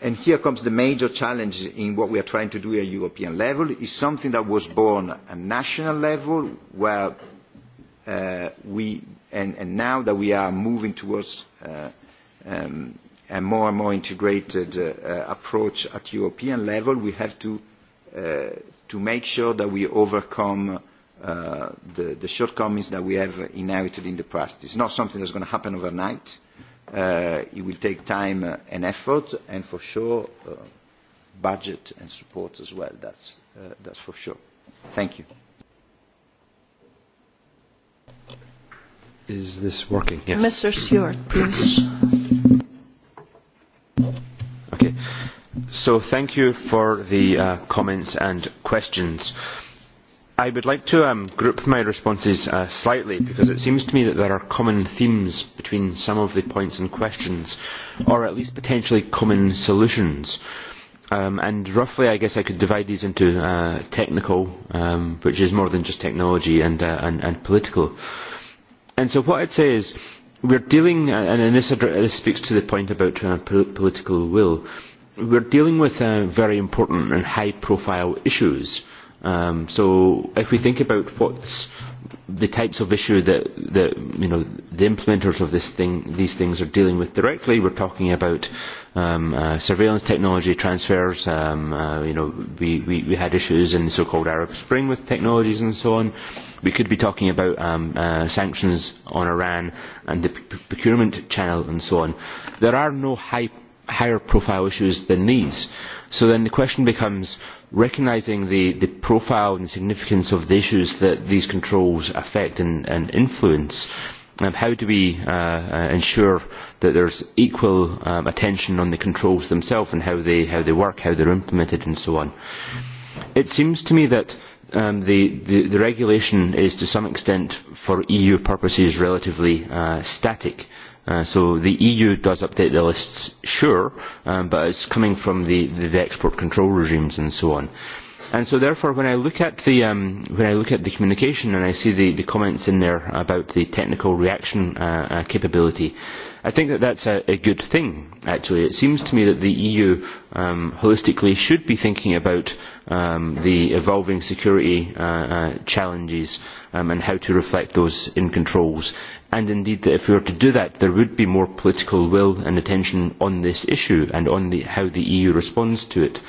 Speaker 3: and here comes the major challenge in what we are trying to do at European level, is something that was born at national level, where uh, we, and, and now that we are moving towards uh, um, a more and more integrated uh, uh, approach at European level, we have to, uh, to make sure that we overcome uh, the, the shortcomings that we have inherited in the past. It's not something that's going to happen overnight. Uh, uh, it will take time uh, and effort, and for sure, uh, budget and support as well. That's, uh, that's for sure. Thank you. Is this working? Yeah.
Speaker 1: Mr. Stewart, please.
Speaker 2: Okay.
Speaker 4: So thank you for the uh, comments and questions. Uh, I would like to um, group my responses uh, slightly because it seems to me that there are common themes between some of the points and questions, or at least potentially common solutions. Um, and roughly, I guess I could divide these into uh, technical, um, which is more than just technology, and, uh, and, and political. And so what I'd say is we're dealing, uh, and, and this, this speaks to the point about uh, pol political will, we're dealing with uh, very important and high-profile issues. Uh, Um, so if we think about what's the types of issue that, that you know, the implementers of this thing, these things are dealing with directly, we're talking about um, uh, surveillance technology transfers. Um, uh, you know, we, we, we had issues in the so-called Arab Spring with technologies and so on. We could be talking about um, uh, sanctions on Iran and the p- procurement channel and so on. There are no high, higher profile issues than these. So then the question becomes, recognising the, the profile and significance of the issues that these controls affect and, and influence, um, how do we uh, uh, ensure that there's equal um, attention on the controls themselves and how they, how they work, how they're implemented and so on? It seems to me that um, the, the, the regulation is to some extent for EU purposes relatively uh, static. Uh, Uh, so the EU does update the lists, sure, um, but it's coming from the, the, the export control regimes and so on. And so therefore, when I look at the, um, when I look at the communication and I see the, the comments in there about the technical reaction uh, uh, capability, uh, I think that that's a, a good thing, actually. It seems to me that the EU um, holistically should be thinking about um, the evolving security uh, uh, challenges um, and how to reflect those in controls. And indeed, that if we were to do that, there would be more political will and attention on this issue and on the, how the EU responds to it. Uh,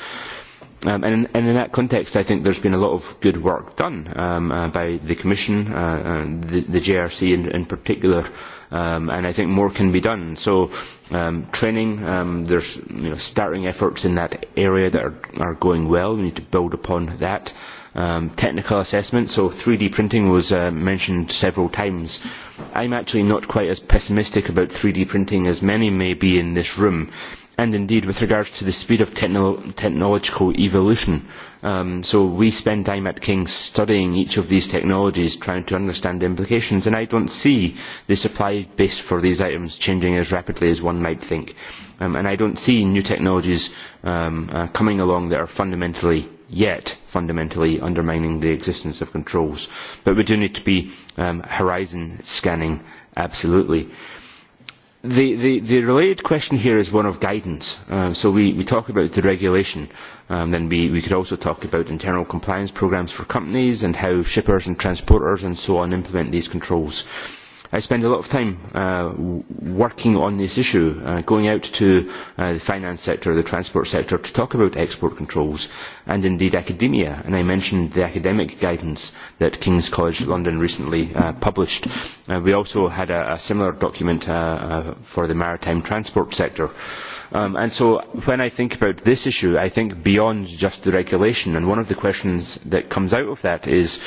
Speaker 4: Um, and, in, and in that context, I think there's been a lot of good work done um, uh, by the Commission, uh, and the, the JRC in, in particular, um, and I think more can be done. So um, training, um, there's you know, starting efforts in that area that are, are going well. We need to build upon that. Uh, um, technical assessment, so 3D printing was uh, mentioned several times. I'm actually not quite as pessimistic about 3D printing as many may be in this room, and indeed with regards to the speed of techno technological evolution. Um, so we spend time at King's studying each of these technologies, trying to understand the implications, and I don't see the supply base for these items changing as rapidly as one might think. Um, and I don't see new technologies um, uh, coming along that are fundamentally yet fundamentally undermining the existence of controls. But we do need to be um, horizon scanning, absolutely. The, the, the related question here is one of guidance. Um, uh, so we, we talk about the regulation, um, then we, we could also talk about internal compliance programs for companies and how shippers and transporters and so on implement these controls. Uh, I spend a lot of time uh, working on this issue, uh, going out to uh, the finance sector, the transport sector, to talk about export controls, and indeed academia. And I mentioned the academic guidance that King's College London recently uh, published. Uh, we also had a, a similar document uh, uh, for the maritime transport sector. Um, and so when I think about this issue, I think beyond just the regulation. And one of the questions that comes out of that is, uh,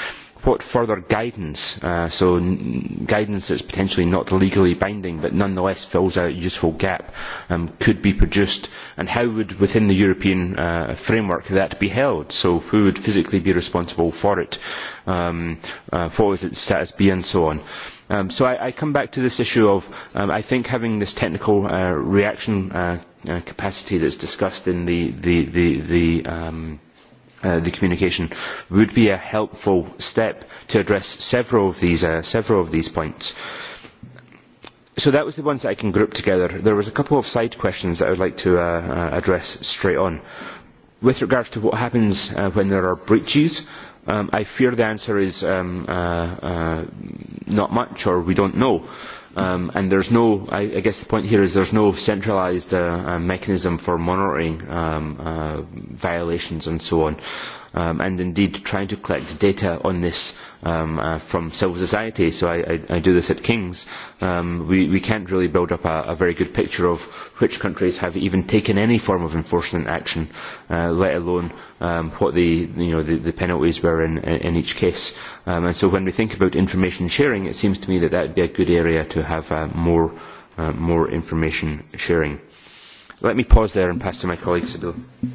Speaker 4: what further guidance, uh, so n- guidance that's potentially not legally binding but nonetheless fills out a useful gap, um, could be produced and how would within the European uh, framework that be held? So who would physically be responsible for it? Um, uh, what would its status be and so on? Um, so I, I come back to this issue of um, I think having this technical uh, reaction uh, uh, capacity that's discussed in the, the, the, the um, uh, uh, the communication would be a helpful step to address several of these, uh, several of these points. So that was the ones that I can group together. There was a couple of side questions that I would like to uh, uh, address straight on. With regards to what happens uh, when there are breaches, um, I fear the answer is um, uh, uh, not much or we don't know Um, and there's no, I, I guess the point here is there's no centralised uh, uh, mechanism for monitoring um, uh, violations and so on um, and indeed trying to collect data on this um, uh, from civil society. So I, I, I do this at King's. Um, we, we can't really build up a, a very good picture of which countries have even taken any form of enforcement action, uh, let alone um, what the, you know, the, the penalties were in, in each case. Um, and so when we think about information sharing, it seems to me that that would be a good area to have uh, more, uh, more information sharing. Let me pause there and pass to my colleague Sibyl. Mm-hmm.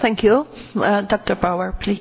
Speaker 1: Thank you. Uh, Dr. Bauer, please.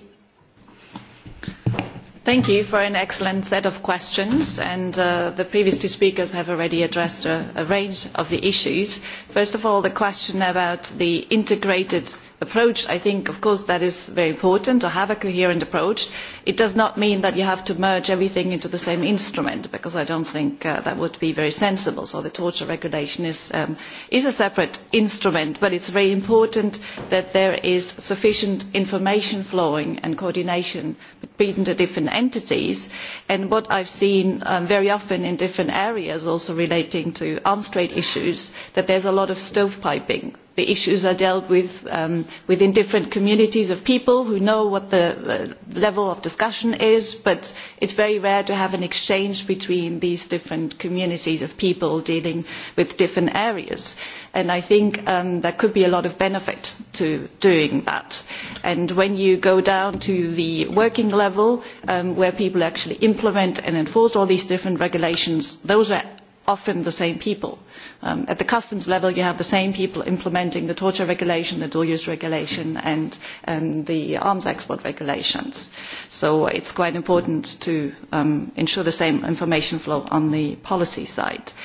Speaker 5: Thank you for an excellent set of questions, and uh, the previous two speakers have already addressed a, a range of the issues. First of all, the question about the integrated approach i think of course that is very important to have a coherent approach. it does not mean that you have to merge everything into the same instrument because i do not think uh, that would be very sensible so the torture regulation is, um, is a separate instrument but it is very important that there is sufficient information flowing and coordination between the different entities and what i have seen um, very often in different areas also relating to arms trade issues that there is a lot of stovepiping the issues are dealt with um, within different communities of people who know what the uh, level of discussion is, but it's very rare to have an exchange between these different communities of people dealing with different areas. And I think um, there could be a lot of benefit to doing that. And when you go down to the working level, um, where people actually implement and enforce all these different regulations, those are often the same people. Um, at the customs level, you have the same people implementing the torture regulation, the dual use regulation, and, and the arms export regulations. So it's quite important to um, ensure the same information flow on the policy side. Uh,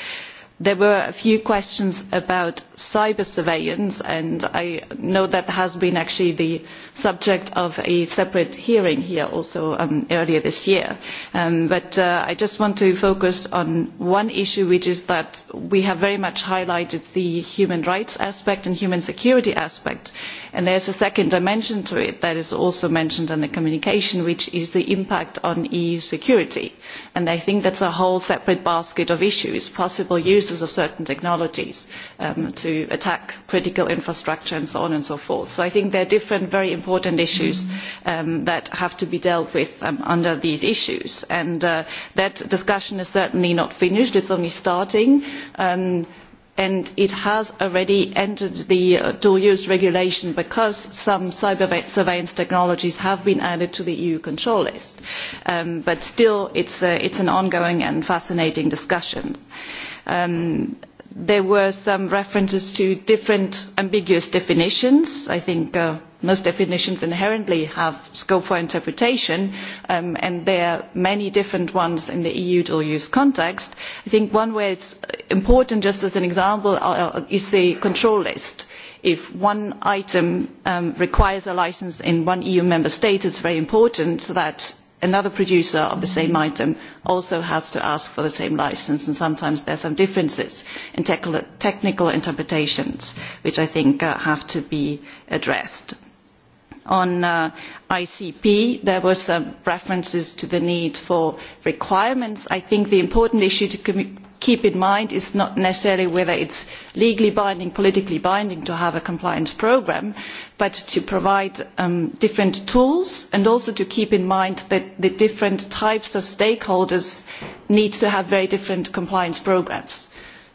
Speaker 5: there were a few questions about cyber surveillance and i know that has been actually the subject of a separate hearing here also um, earlier this year um, but uh, i just want to focus on one issue which is that we have very much highlighted the human rights aspect and human security aspect and there is a second dimension to it that is also mentioned in the communication which is the impact on eu security and i think that is a whole separate basket of issues possible uses of certain technologies um, to attack critical infrastructure and so on and so forth. So I think there are different very important issues um, that have to be dealt with um, under these issues. And uh, that discussion is certainly not finished, it's only starting. Um, and it has already entered the uh, dual use regulation because some cyber surveillance technologies have been added to the eu control list um, but still it is uh, an ongoing and fascinating discussion. Um, Um, there were some references to different ambiguous definitions. I think uh, most definitions inherently have scope for interpretation, um, and there are many different ones in the EU dual use context. I think one where it's important, just as an example, uh, uh, is the control list. If one item um, requires a license in one EU member state, it's very important that another producer of the same item also has to ask for the same license and sometimes there are some differences in technical, technical interpretations which I think uh, have to be addressed. On uh, ICP, there were some references to the need for requirements. I think the important issue to keep in mind is not necessarily whether it is legally binding or politically binding to have a compliance programme but to provide um, different tools and also to keep in mind that the different types of stakeholders need to have very different compliance programmes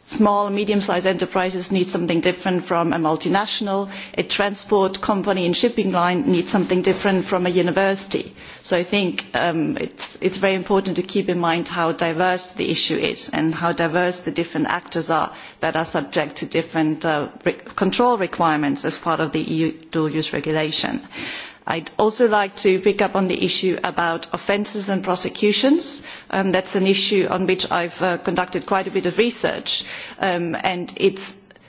Speaker 5: small and medium sized enterprises need something different from a multinational a transport company and shipping line need something different from a university so i think um, it is very important to keep in mind how diverse the issue is and how diverse the different actors are that are subject to different uh, re control requirements as part of the eu dual use regulation i would also like to pick up on the issue about offences and prosecutions. Um, that is an issue on which i have uh, conducted quite a bit of research um, and it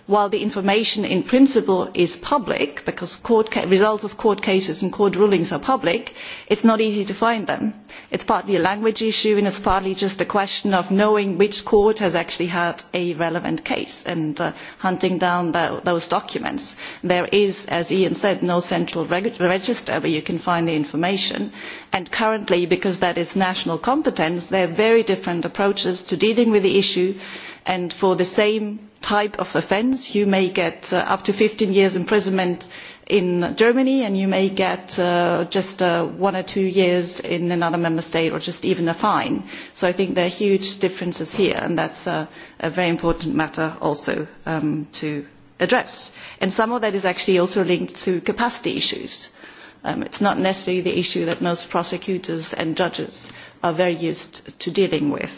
Speaker 5: while the information in principle is public because results of court cases and court rulings are public it is not easy to find them. it is partly a language issue and it is partly just a question of knowing which court has actually had a relevant case and uh, hunting down the, those documents. there is as ian said no central reg register where you can find the information and currently because that is national competence there are very different approaches to dealing with the issue and for the same type of offence you may get uh, up to fifteen years imprisonment in germany and you may get uh, just uh, one or two years in another member state or just even a fine. so i think there are huge differences here and that is a, a very important matter also um, to address. and some of that is actually also linked to capacity issues. Um, it is not necessarily the issue that most prosecutors and judges are very used to dealing with.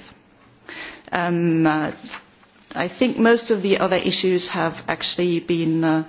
Speaker 5: Um, uh, I think most of the other issues have actually been uh,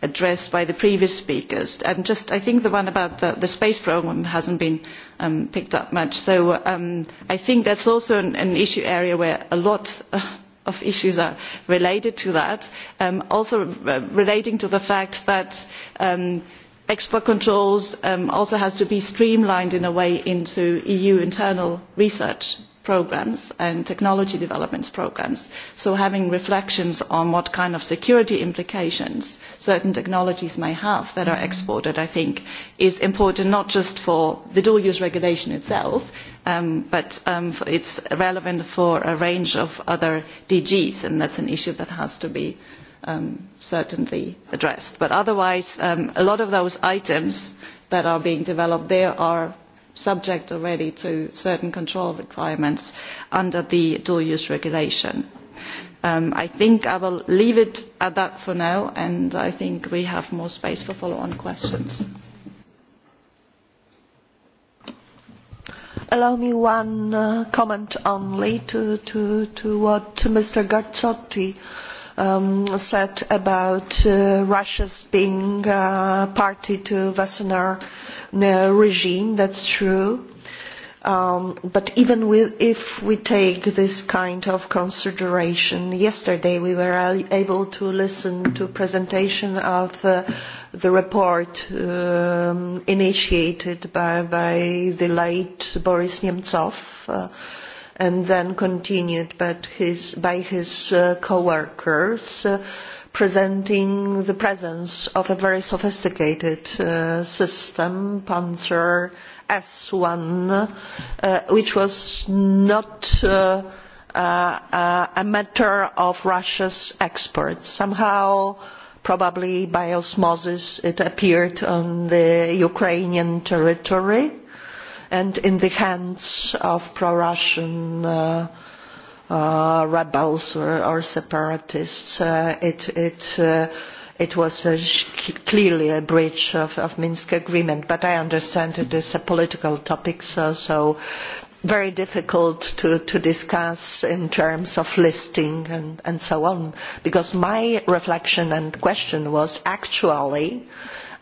Speaker 5: addressed by the previous speakers. And just, I think the one about the, the space program hasn't been um, picked up much. So um, I think that's also an, an issue area where a lot uh, of issues are related to that. Um, also uh, relating to the fact that um, export controls um, also has to be streamlined in a way into EU internal research programs and technology development programs. So having reflections on what kind of security implications certain technologies may have that are exported, I think, is important not just for the dual-use regulation itself, um, but um, it's relevant for a range of other DGs, and that's an issue that has to be um, certainly addressed. But otherwise, um, a lot of those items that are being developed there are subject already to certain control requirements under the dual use regulation. Um, I think I will leave it at that for now and I think we have more space for follow-on questions.
Speaker 1: Allow me one uh, comment only to, to, to what Mr. Garzotti uh, um, said about uh, Russia's being uh, party to Wassenaar uh, regime. That's true. Um, but even with, if we take this kind of consideration, yesterday we were able to listen to presentation of uh, the report um, initiated by, by the late Boris Nemtsov, uh, and then continued his, by his uh, co-workers, uh, presenting the presence of a very sophisticated uh, system, Panzer S1, uh, which was not uh, uh, uh, a matter of Russia's exports. Somehow, probably by osmosis, it appeared on the Ukrainian territory and in the hands of pro-Russian uh, uh, rebels or, or separatists. Uh, it, it, uh, it was a, clearly a breach of, of Minsk agreement, but I understand it is a political topic, so, so very difficult to, to discuss in terms of listing and, and so on, because my reflection and question was actually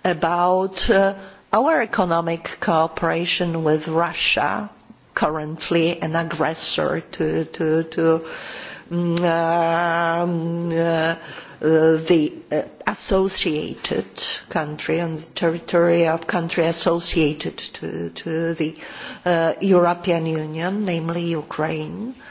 Speaker 1: about uh, our economic cooperation with Russia, currently an aggressor to, to, to mm, um, uh, the uh, associated country and the territory of country associated to, to the uh, European Union, namely Ukraine, uh,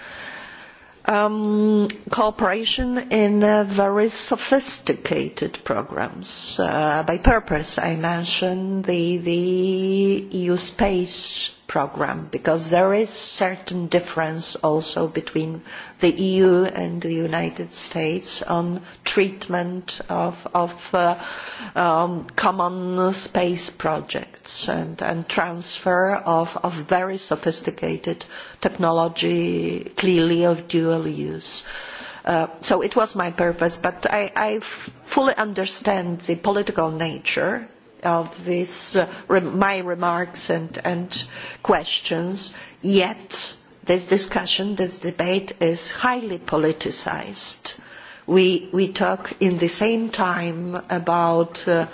Speaker 1: um, cooperation in uh, very sophisticated programs. Uh, by purpose, I mentioned the, the EU space programme because there is certain difference also between the EU and the United States on treatment of, of uh, um, common space projects and, and transfer of, of very sophisticated technology clearly of dual use. Uh, so it was my purpose, but I, I fully understand the political nature of this, uh, re my remarks and, and questions, yet this discussion, this debate is highly politicized. We, we talk in the same time about uh,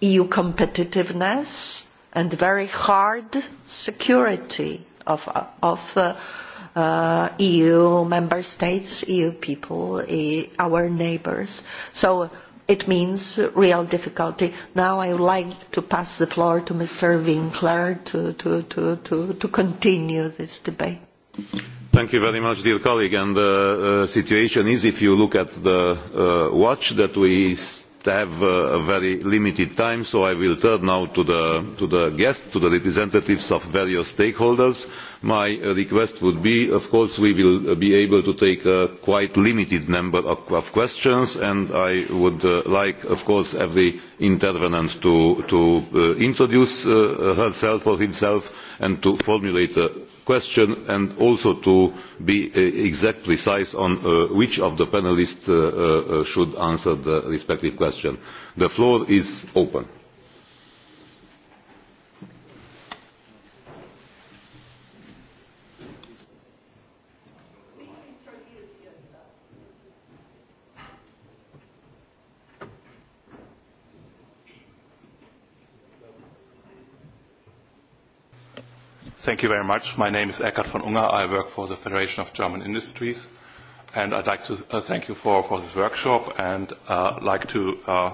Speaker 1: EU competitiveness and very hard security of, uh, of uh, uh, EU member states, EU people, uh, our neighbors. So it means real difficulty. Now I would like to pass the floor to Mr. Winkler to, to, to, to, to continue this debate.
Speaker 2: Thank you very much, dear colleague. And the uh, uh, situation is, if you look at the uh, watch that we have a very limited time so i will turn now to the, to the guests to the representatives of various stakeholders. my request would be of course we will be able to take a quite limited number of, of questions and i would uh, like of course every intervenant to, to uh, introduce uh, herself or himself and to formulate a question and also to be uh, exact precise on uh, which of the panelists uh, uh, uh, should answer the respective question. The floor is open. Thank you very much. My name is Eckhard von Unger. I work for the Federation of German Industries. And I'd like to uh, thank you for, for this workshop and uh, like to uh,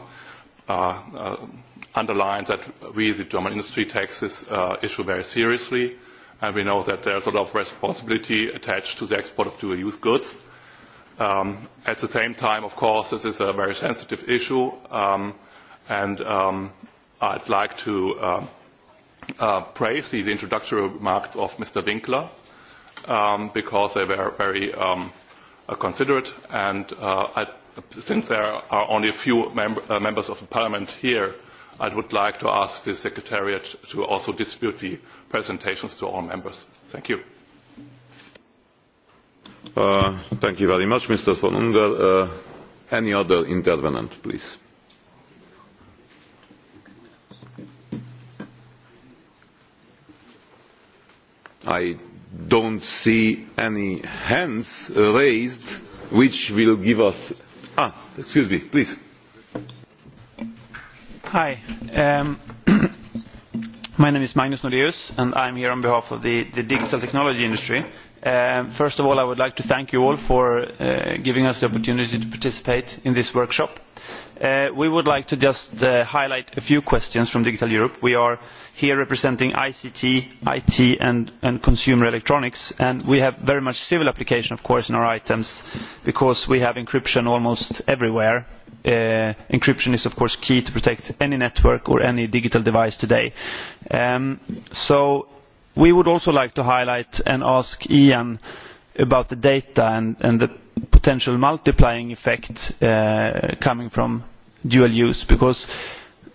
Speaker 2: uh, uh, underline that we, the German industry, take this uh, issue very seriously. And we know that there's a lot of responsibility attached to the export of dual-use goods. Um, at the same time, of course, this is a very sensitive issue. Um, and um, I'd like to... Uh, uh, praise the introductory remarks of Mr. Winkler um, because they were very um, uh, considerate. And uh, I, since there are only a few mem- uh, members of the Parliament here, I would like to ask the Secretariat to also distribute the presentations to all members. Thank you. Uh, thank you very much, Mr. von Unger. Uh, any other intervenant, please? i do not see any hands raised which will give us ah excuse me please
Speaker 8: hi um, my name is magnus nordeus and i am here on behalf of the, the digital technology industry Um, first of all, I would like to thank you all for uh, giving us the opportunity to participate in this workshop. Uh, we would like to just uh, highlight a few questions from Digital Europe. We are here representing ICT, IT and, and consumer electronics and we have very much civil application of course in our items because we have encryption almost everywhere. Uh, encryption is of course key to protect any network or any digital device today. Um, so we would also like to highlight and ask ian about the data and, and the potential multiplying effect uh, coming from dual use because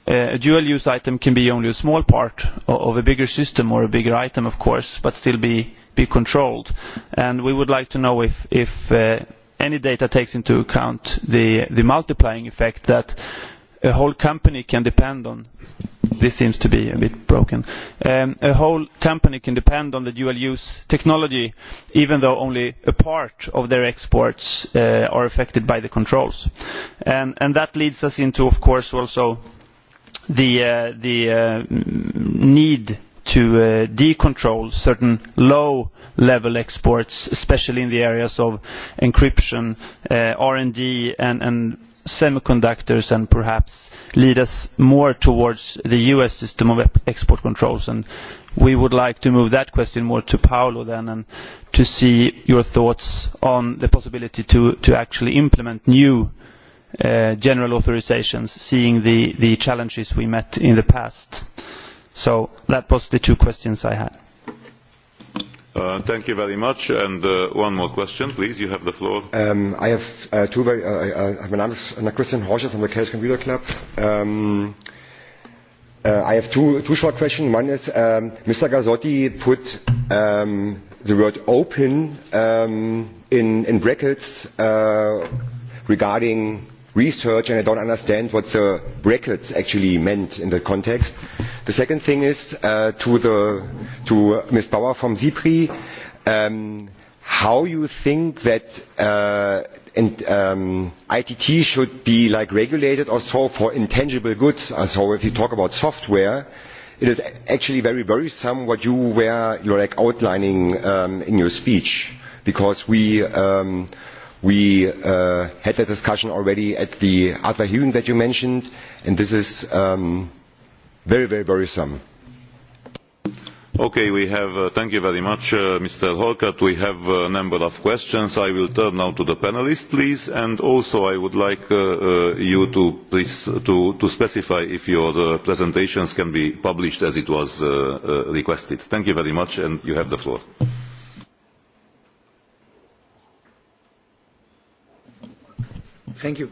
Speaker 8: uh, a dual use item can be only a small part of, of a bigger system or a bigger item of course but still be, be controlled and we would like to know if, if uh, any data takes into account the, the multiplying effect that a whole company can depend on this seems to be a bit broken. Um, a whole company can depend on the dual-use technology, even though only a part of their exports uh, are affected by the controls. And, and that leads us into, of course, also the, uh, the uh, need to uh, decontrol certain low level exports, especially in the areas of encryption, uh, R&D and, and semiconductors and perhaps lead us more towards the US system of export controls. And we would like to move that question more to Paolo then and to see your thoughts on the possibility to, to actually implement new uh, general authorizations, seeing the, the challenges we met in the past. So that was the two questions I had.
Speaker 2: Uh, thank you very much. And uh, one more question, please. You have the floor.
Speaker 8: Um, I have uh, two very. Uh, uh, my name is Anna Christian
Speaker 3: Horscher from the Chaos Computer Club. Um, uh, I have two, two short questions. One is um, Mr. Gazzotti put um, the word open um, in, in brackets uh, regarding research and I don't understand what the brackets actually meant in the context. The second thing is uh, to, the, to uh, Ms. Bauer from ZIPRI, um, how you think that uh, and, um, ITT should be like regulated or so for intangible goods. Uh, so if you talk about software, it is actually very worrisome what you were you're like outlining um, in your speech because we um, We uh, had that discussion already at the ADVA hearing that you mentioned, and this is um, very, very worrisome.
Speaker 2: Okay, we have, uh, thank you very much, uh, Mr. Holkert. We have a number of questions. I will turn now to the panelists, please, and also I would like uh, uh, you to, please, to, to specify if your uh, presentations can be published as it was uh, uh, requested. Thank you very much, and you have the floor. Thank you.
Speaker 3: Thank you.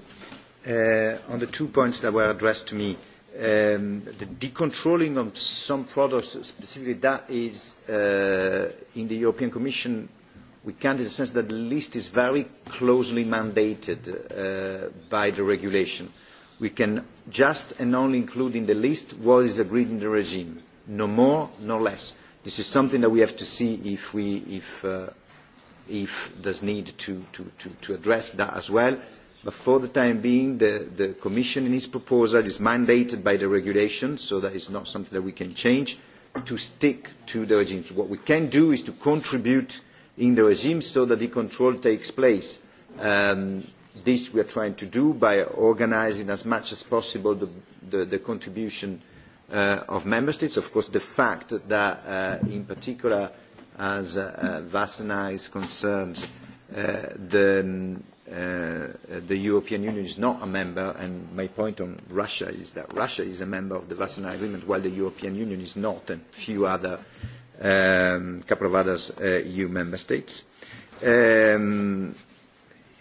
Speaker 3: Uh, on the two points that were addressed to me, um, the decontrolling of some products, specifically that is uh, in the European Commission, we can't in the sense that the list is very closely mandated uh, by the regulation. We can just and only include in the list what is agreed in the regime, no more, no less. This is something that we have to see if, we, if, uh, if there's need to, to, to, to address that as well But for the time being, the, the Commission in its proposal is mandated by the regulation, so that is not something that we can change, to stick to the regimes. What we can do is to contribute in the regime so that the control takes place. Um, this we are trying to do by organizing as much as possible the, the, the contribution uh, of member states. Of course, the fact that, uh, in particular, as uh, uh, Vasana is concerned, uh, the um, uh, the European Union is not a member, and my point on Russia is that Russia is a member of the Wassenaar Agreement, while the European Union is not, and a few other, um, couple of other uh, EU member states. Um,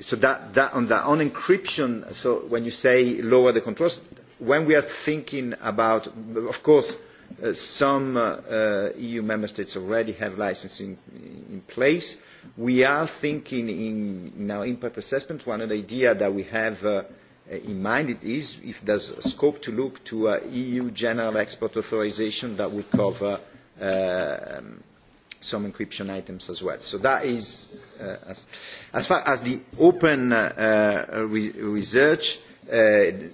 Speaker 3: so that, that on that, on encryption, so when you say lower the controls, when we are thinking about, of course, uh, some uh, uh, EU member states already have licensing in place. Uh, We are thinking in, in our impact assessment, one of the idea that we have uh, uh in mind it is if there's scope to look to uh, EU general export authorization that would cover uh, um, some encryption items as well. So that is, uh, as, as far as the open uh, uh, re research, uh,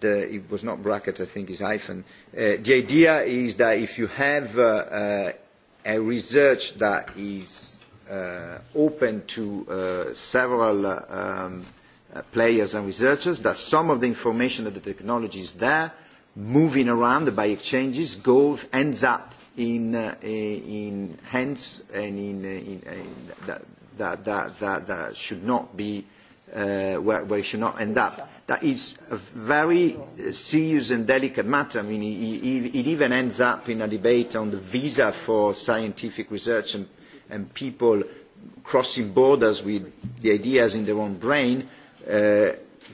Speaker 3: the, it was not bracket, I think it's hyphen. Uh, the idea is that if you have uh, uh, a research that is uh, open to uh, several uh, um, uh, players and researchers, that some of the information of the technology is there, moving around by exchanges, go, ends up in, uh, in hands and in, uh, in, uh, in that, that, that, that, that should not be uh, where, where it should not end up. That is a very uh, serious and delicate matter. I mean, it, it, it even ends up in a debate on the visa for scientific research and and people crossing borders with the ideas in their own brain, uh,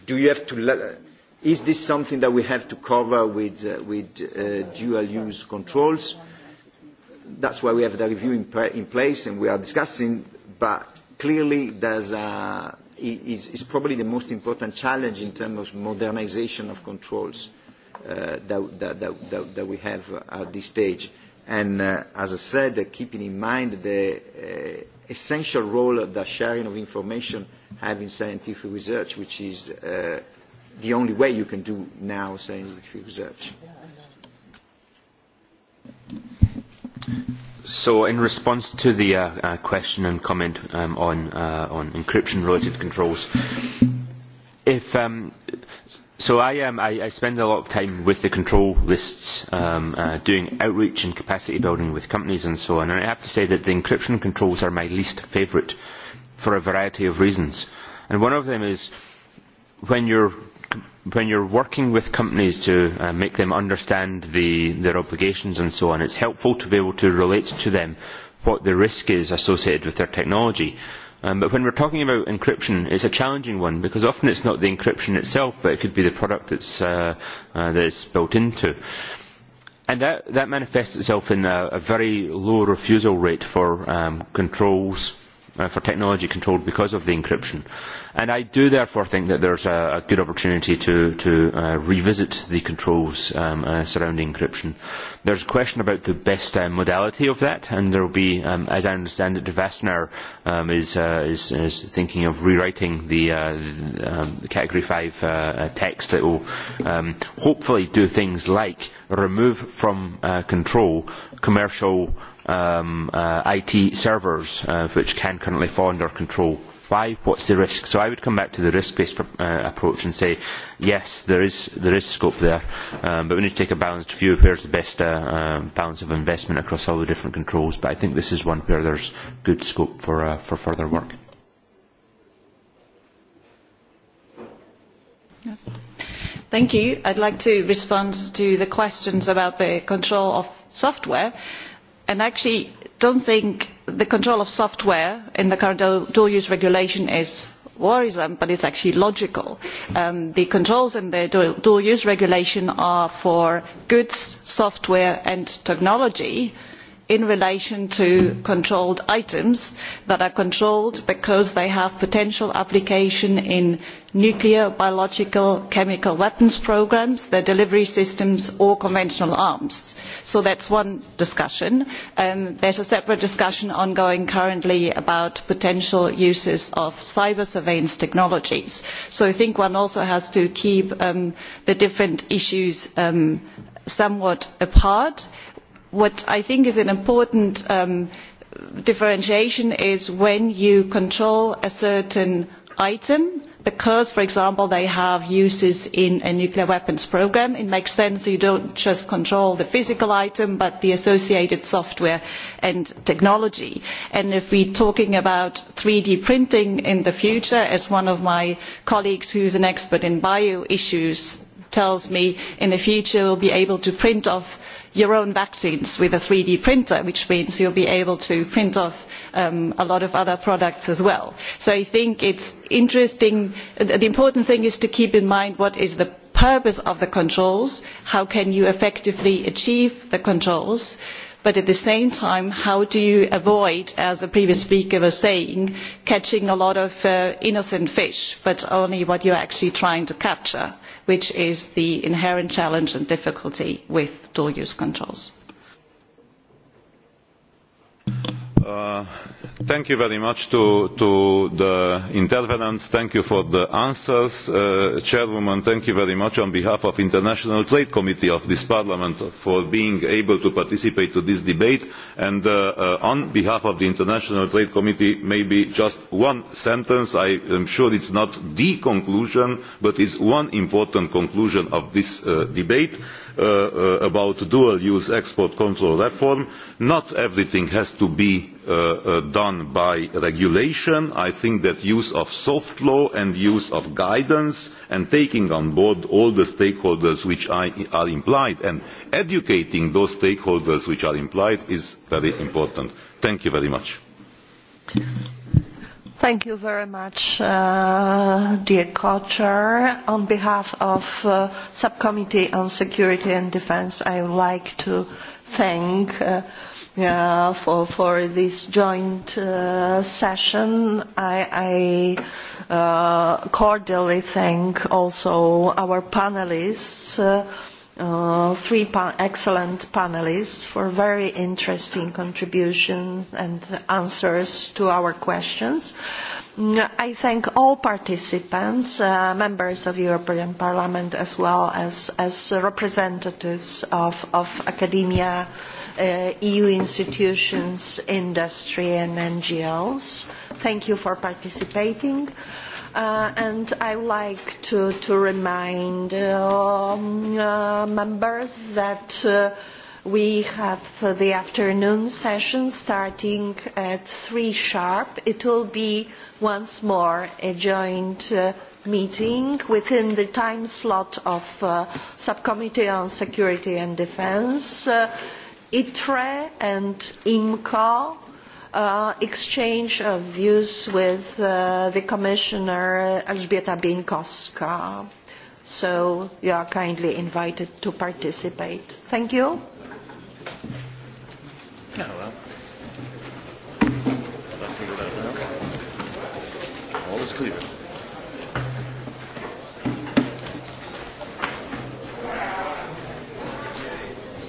Speaker 3: do you have to is this something that we have to cover with, uh, with uh, dual use controls? That's why we have the review in, in place and we are discussing, but clearly there's a, is, is probably the most important challenge in terms of modernization of controls uh, that, that, that, that we have at this stage. Uh, And uh, as I said, uh, keeping in mind the uh, essential role that sharing of information have in scientific research, which is uh, the only way you can do now scientific research.
Speaker 4: So, in response to the uh, uh, question and comment um, on, uh, on encryption-related controls, if um, so I, um, I, I spend a lot of time with the control lists um, uh, doing outreach and capacity building with companies and so on and I have to say that the encryption controls are my least favourite for a variety of reasons and one of them is when you're when you're working with companies to uh, make them understand the, their obligations and so on, it's helpful to be able to relate to them what the risk is associated with their technology. Uh, Um, but when we're talking about encryption, it's a challenging one because often it's not the encryption itself, but it could be the product that's, uh, uh, that it's built into. And that, that manifests itself in a, a very low refusal rate for um, controls, uh, for technology control because of the encryption. And I do therefore think that there's a, a good opportunity to, to uh, revisit the controls um, uh, surrounding encryption. There's a question about the best uh, modality of that, and there will be, um, as I understand it, Vastner um, is, uh, is, is thinking of rewriting the, uh, um, the um, Category 5 uh, uh, text that will um, hopefully do things like remove from uh, control commercial uh, um, uh, IT servers uh, which can currently fall under control? Why? What's the risk? So I would come back to the risk-based uh, approach and say, yes, there is, there is scope there, um, but we need to take a balanced view of where's the best uh, uh, balance of investment across all the different controls. But I think this is one where there's good scope for, uh, for further work.
Speaker 5: Yeah. Thank you. I'd like to respond to the questions about the control of software. Uh, and actually do not think the control of software in the current dual use regulation is worrisome but it is actually logical. Um, the controls in the dual use regulation are for goods software and technology and in relation to controlled items that are controlled because they have potential application in nuclear biological chemical weapons programmes their delivery systems or conventional arms. so that is one discussion. Um, there is a separate discussion ongoing currently about potential uses of cyber surveillance technologies. so i think one also has to keep um, the different issues um, somewhat apart what i think is an important um, differentiation is when you control a certain item because for example they have uses in a nuclear weapons programme it makes sense that you do not just control the physical item but the associated software and technology and if we are talking about three d printing in the future as one of my colleagues who is an expert in bio issues tells me in the future we will be able to print off your own vaccines with a 3D printer, which means you'll be able to print off um, a lot of other products as well. So I think it's interesting. The important thing is to keep in mind what is the purpose of the controls, how can you effectively achieve the controls, uh, but at the same time how do you avoid as the previous speaker was saying catching a lot of uh, innocent fish but only what you are actually trying to capture which is the inherent challenge and difficulty with dual use controls?
Speaker 2: Uh, thank you very much to, to the intervenants. Thank you for the answers. Uh, Chairwoman, thank you very much on behalf of International Trade Committee of this Parliament for being able to participate to this debate. And uh, uh, on behalf of the International Trade Committee, maybe just one sentence. I am sure it's not the conclusion, but it's one important conclusion of this uh, debate. Uh, uh, about dual use export control reform not everything has to be uh, uh, done by regulation. I think that use of soft law and use of guidance and taking on board all the stakeholders which are, are implied and educating those stakeholders which are implied is very important. Thank you very much.
Speaker 1: Thank you very much, uh, dear co-chair. On behalf of uh, Subcommittee on Security and Defense, I would like to thank uh, uh, for, for this joint uh, session. I, I uh, cordially thank also our panelists, uh, uh, three pa excellent panelists for very interesting contributions and answers to our questions. I thank all participants, uh, members of European Parliament as well as, as representatives of, of academia, uh, uh, EU institutions, industry and NGOs. Thank you for participating. Uh, and I would like to, to remind um, uh, members that uh, we have the afternoon session starting at 3 sharp. It will be once more a joint uh, meeting within the time slot of uh, Subcommittee on Security and Defense. Uh, ITRE and IMCO uh, exchange of views with uh, the Commissioner uh, Elżbieta Bienkowska. So you are kindly invited to participate. Thank you.
Speaker 2: Yeah, well. All is clear.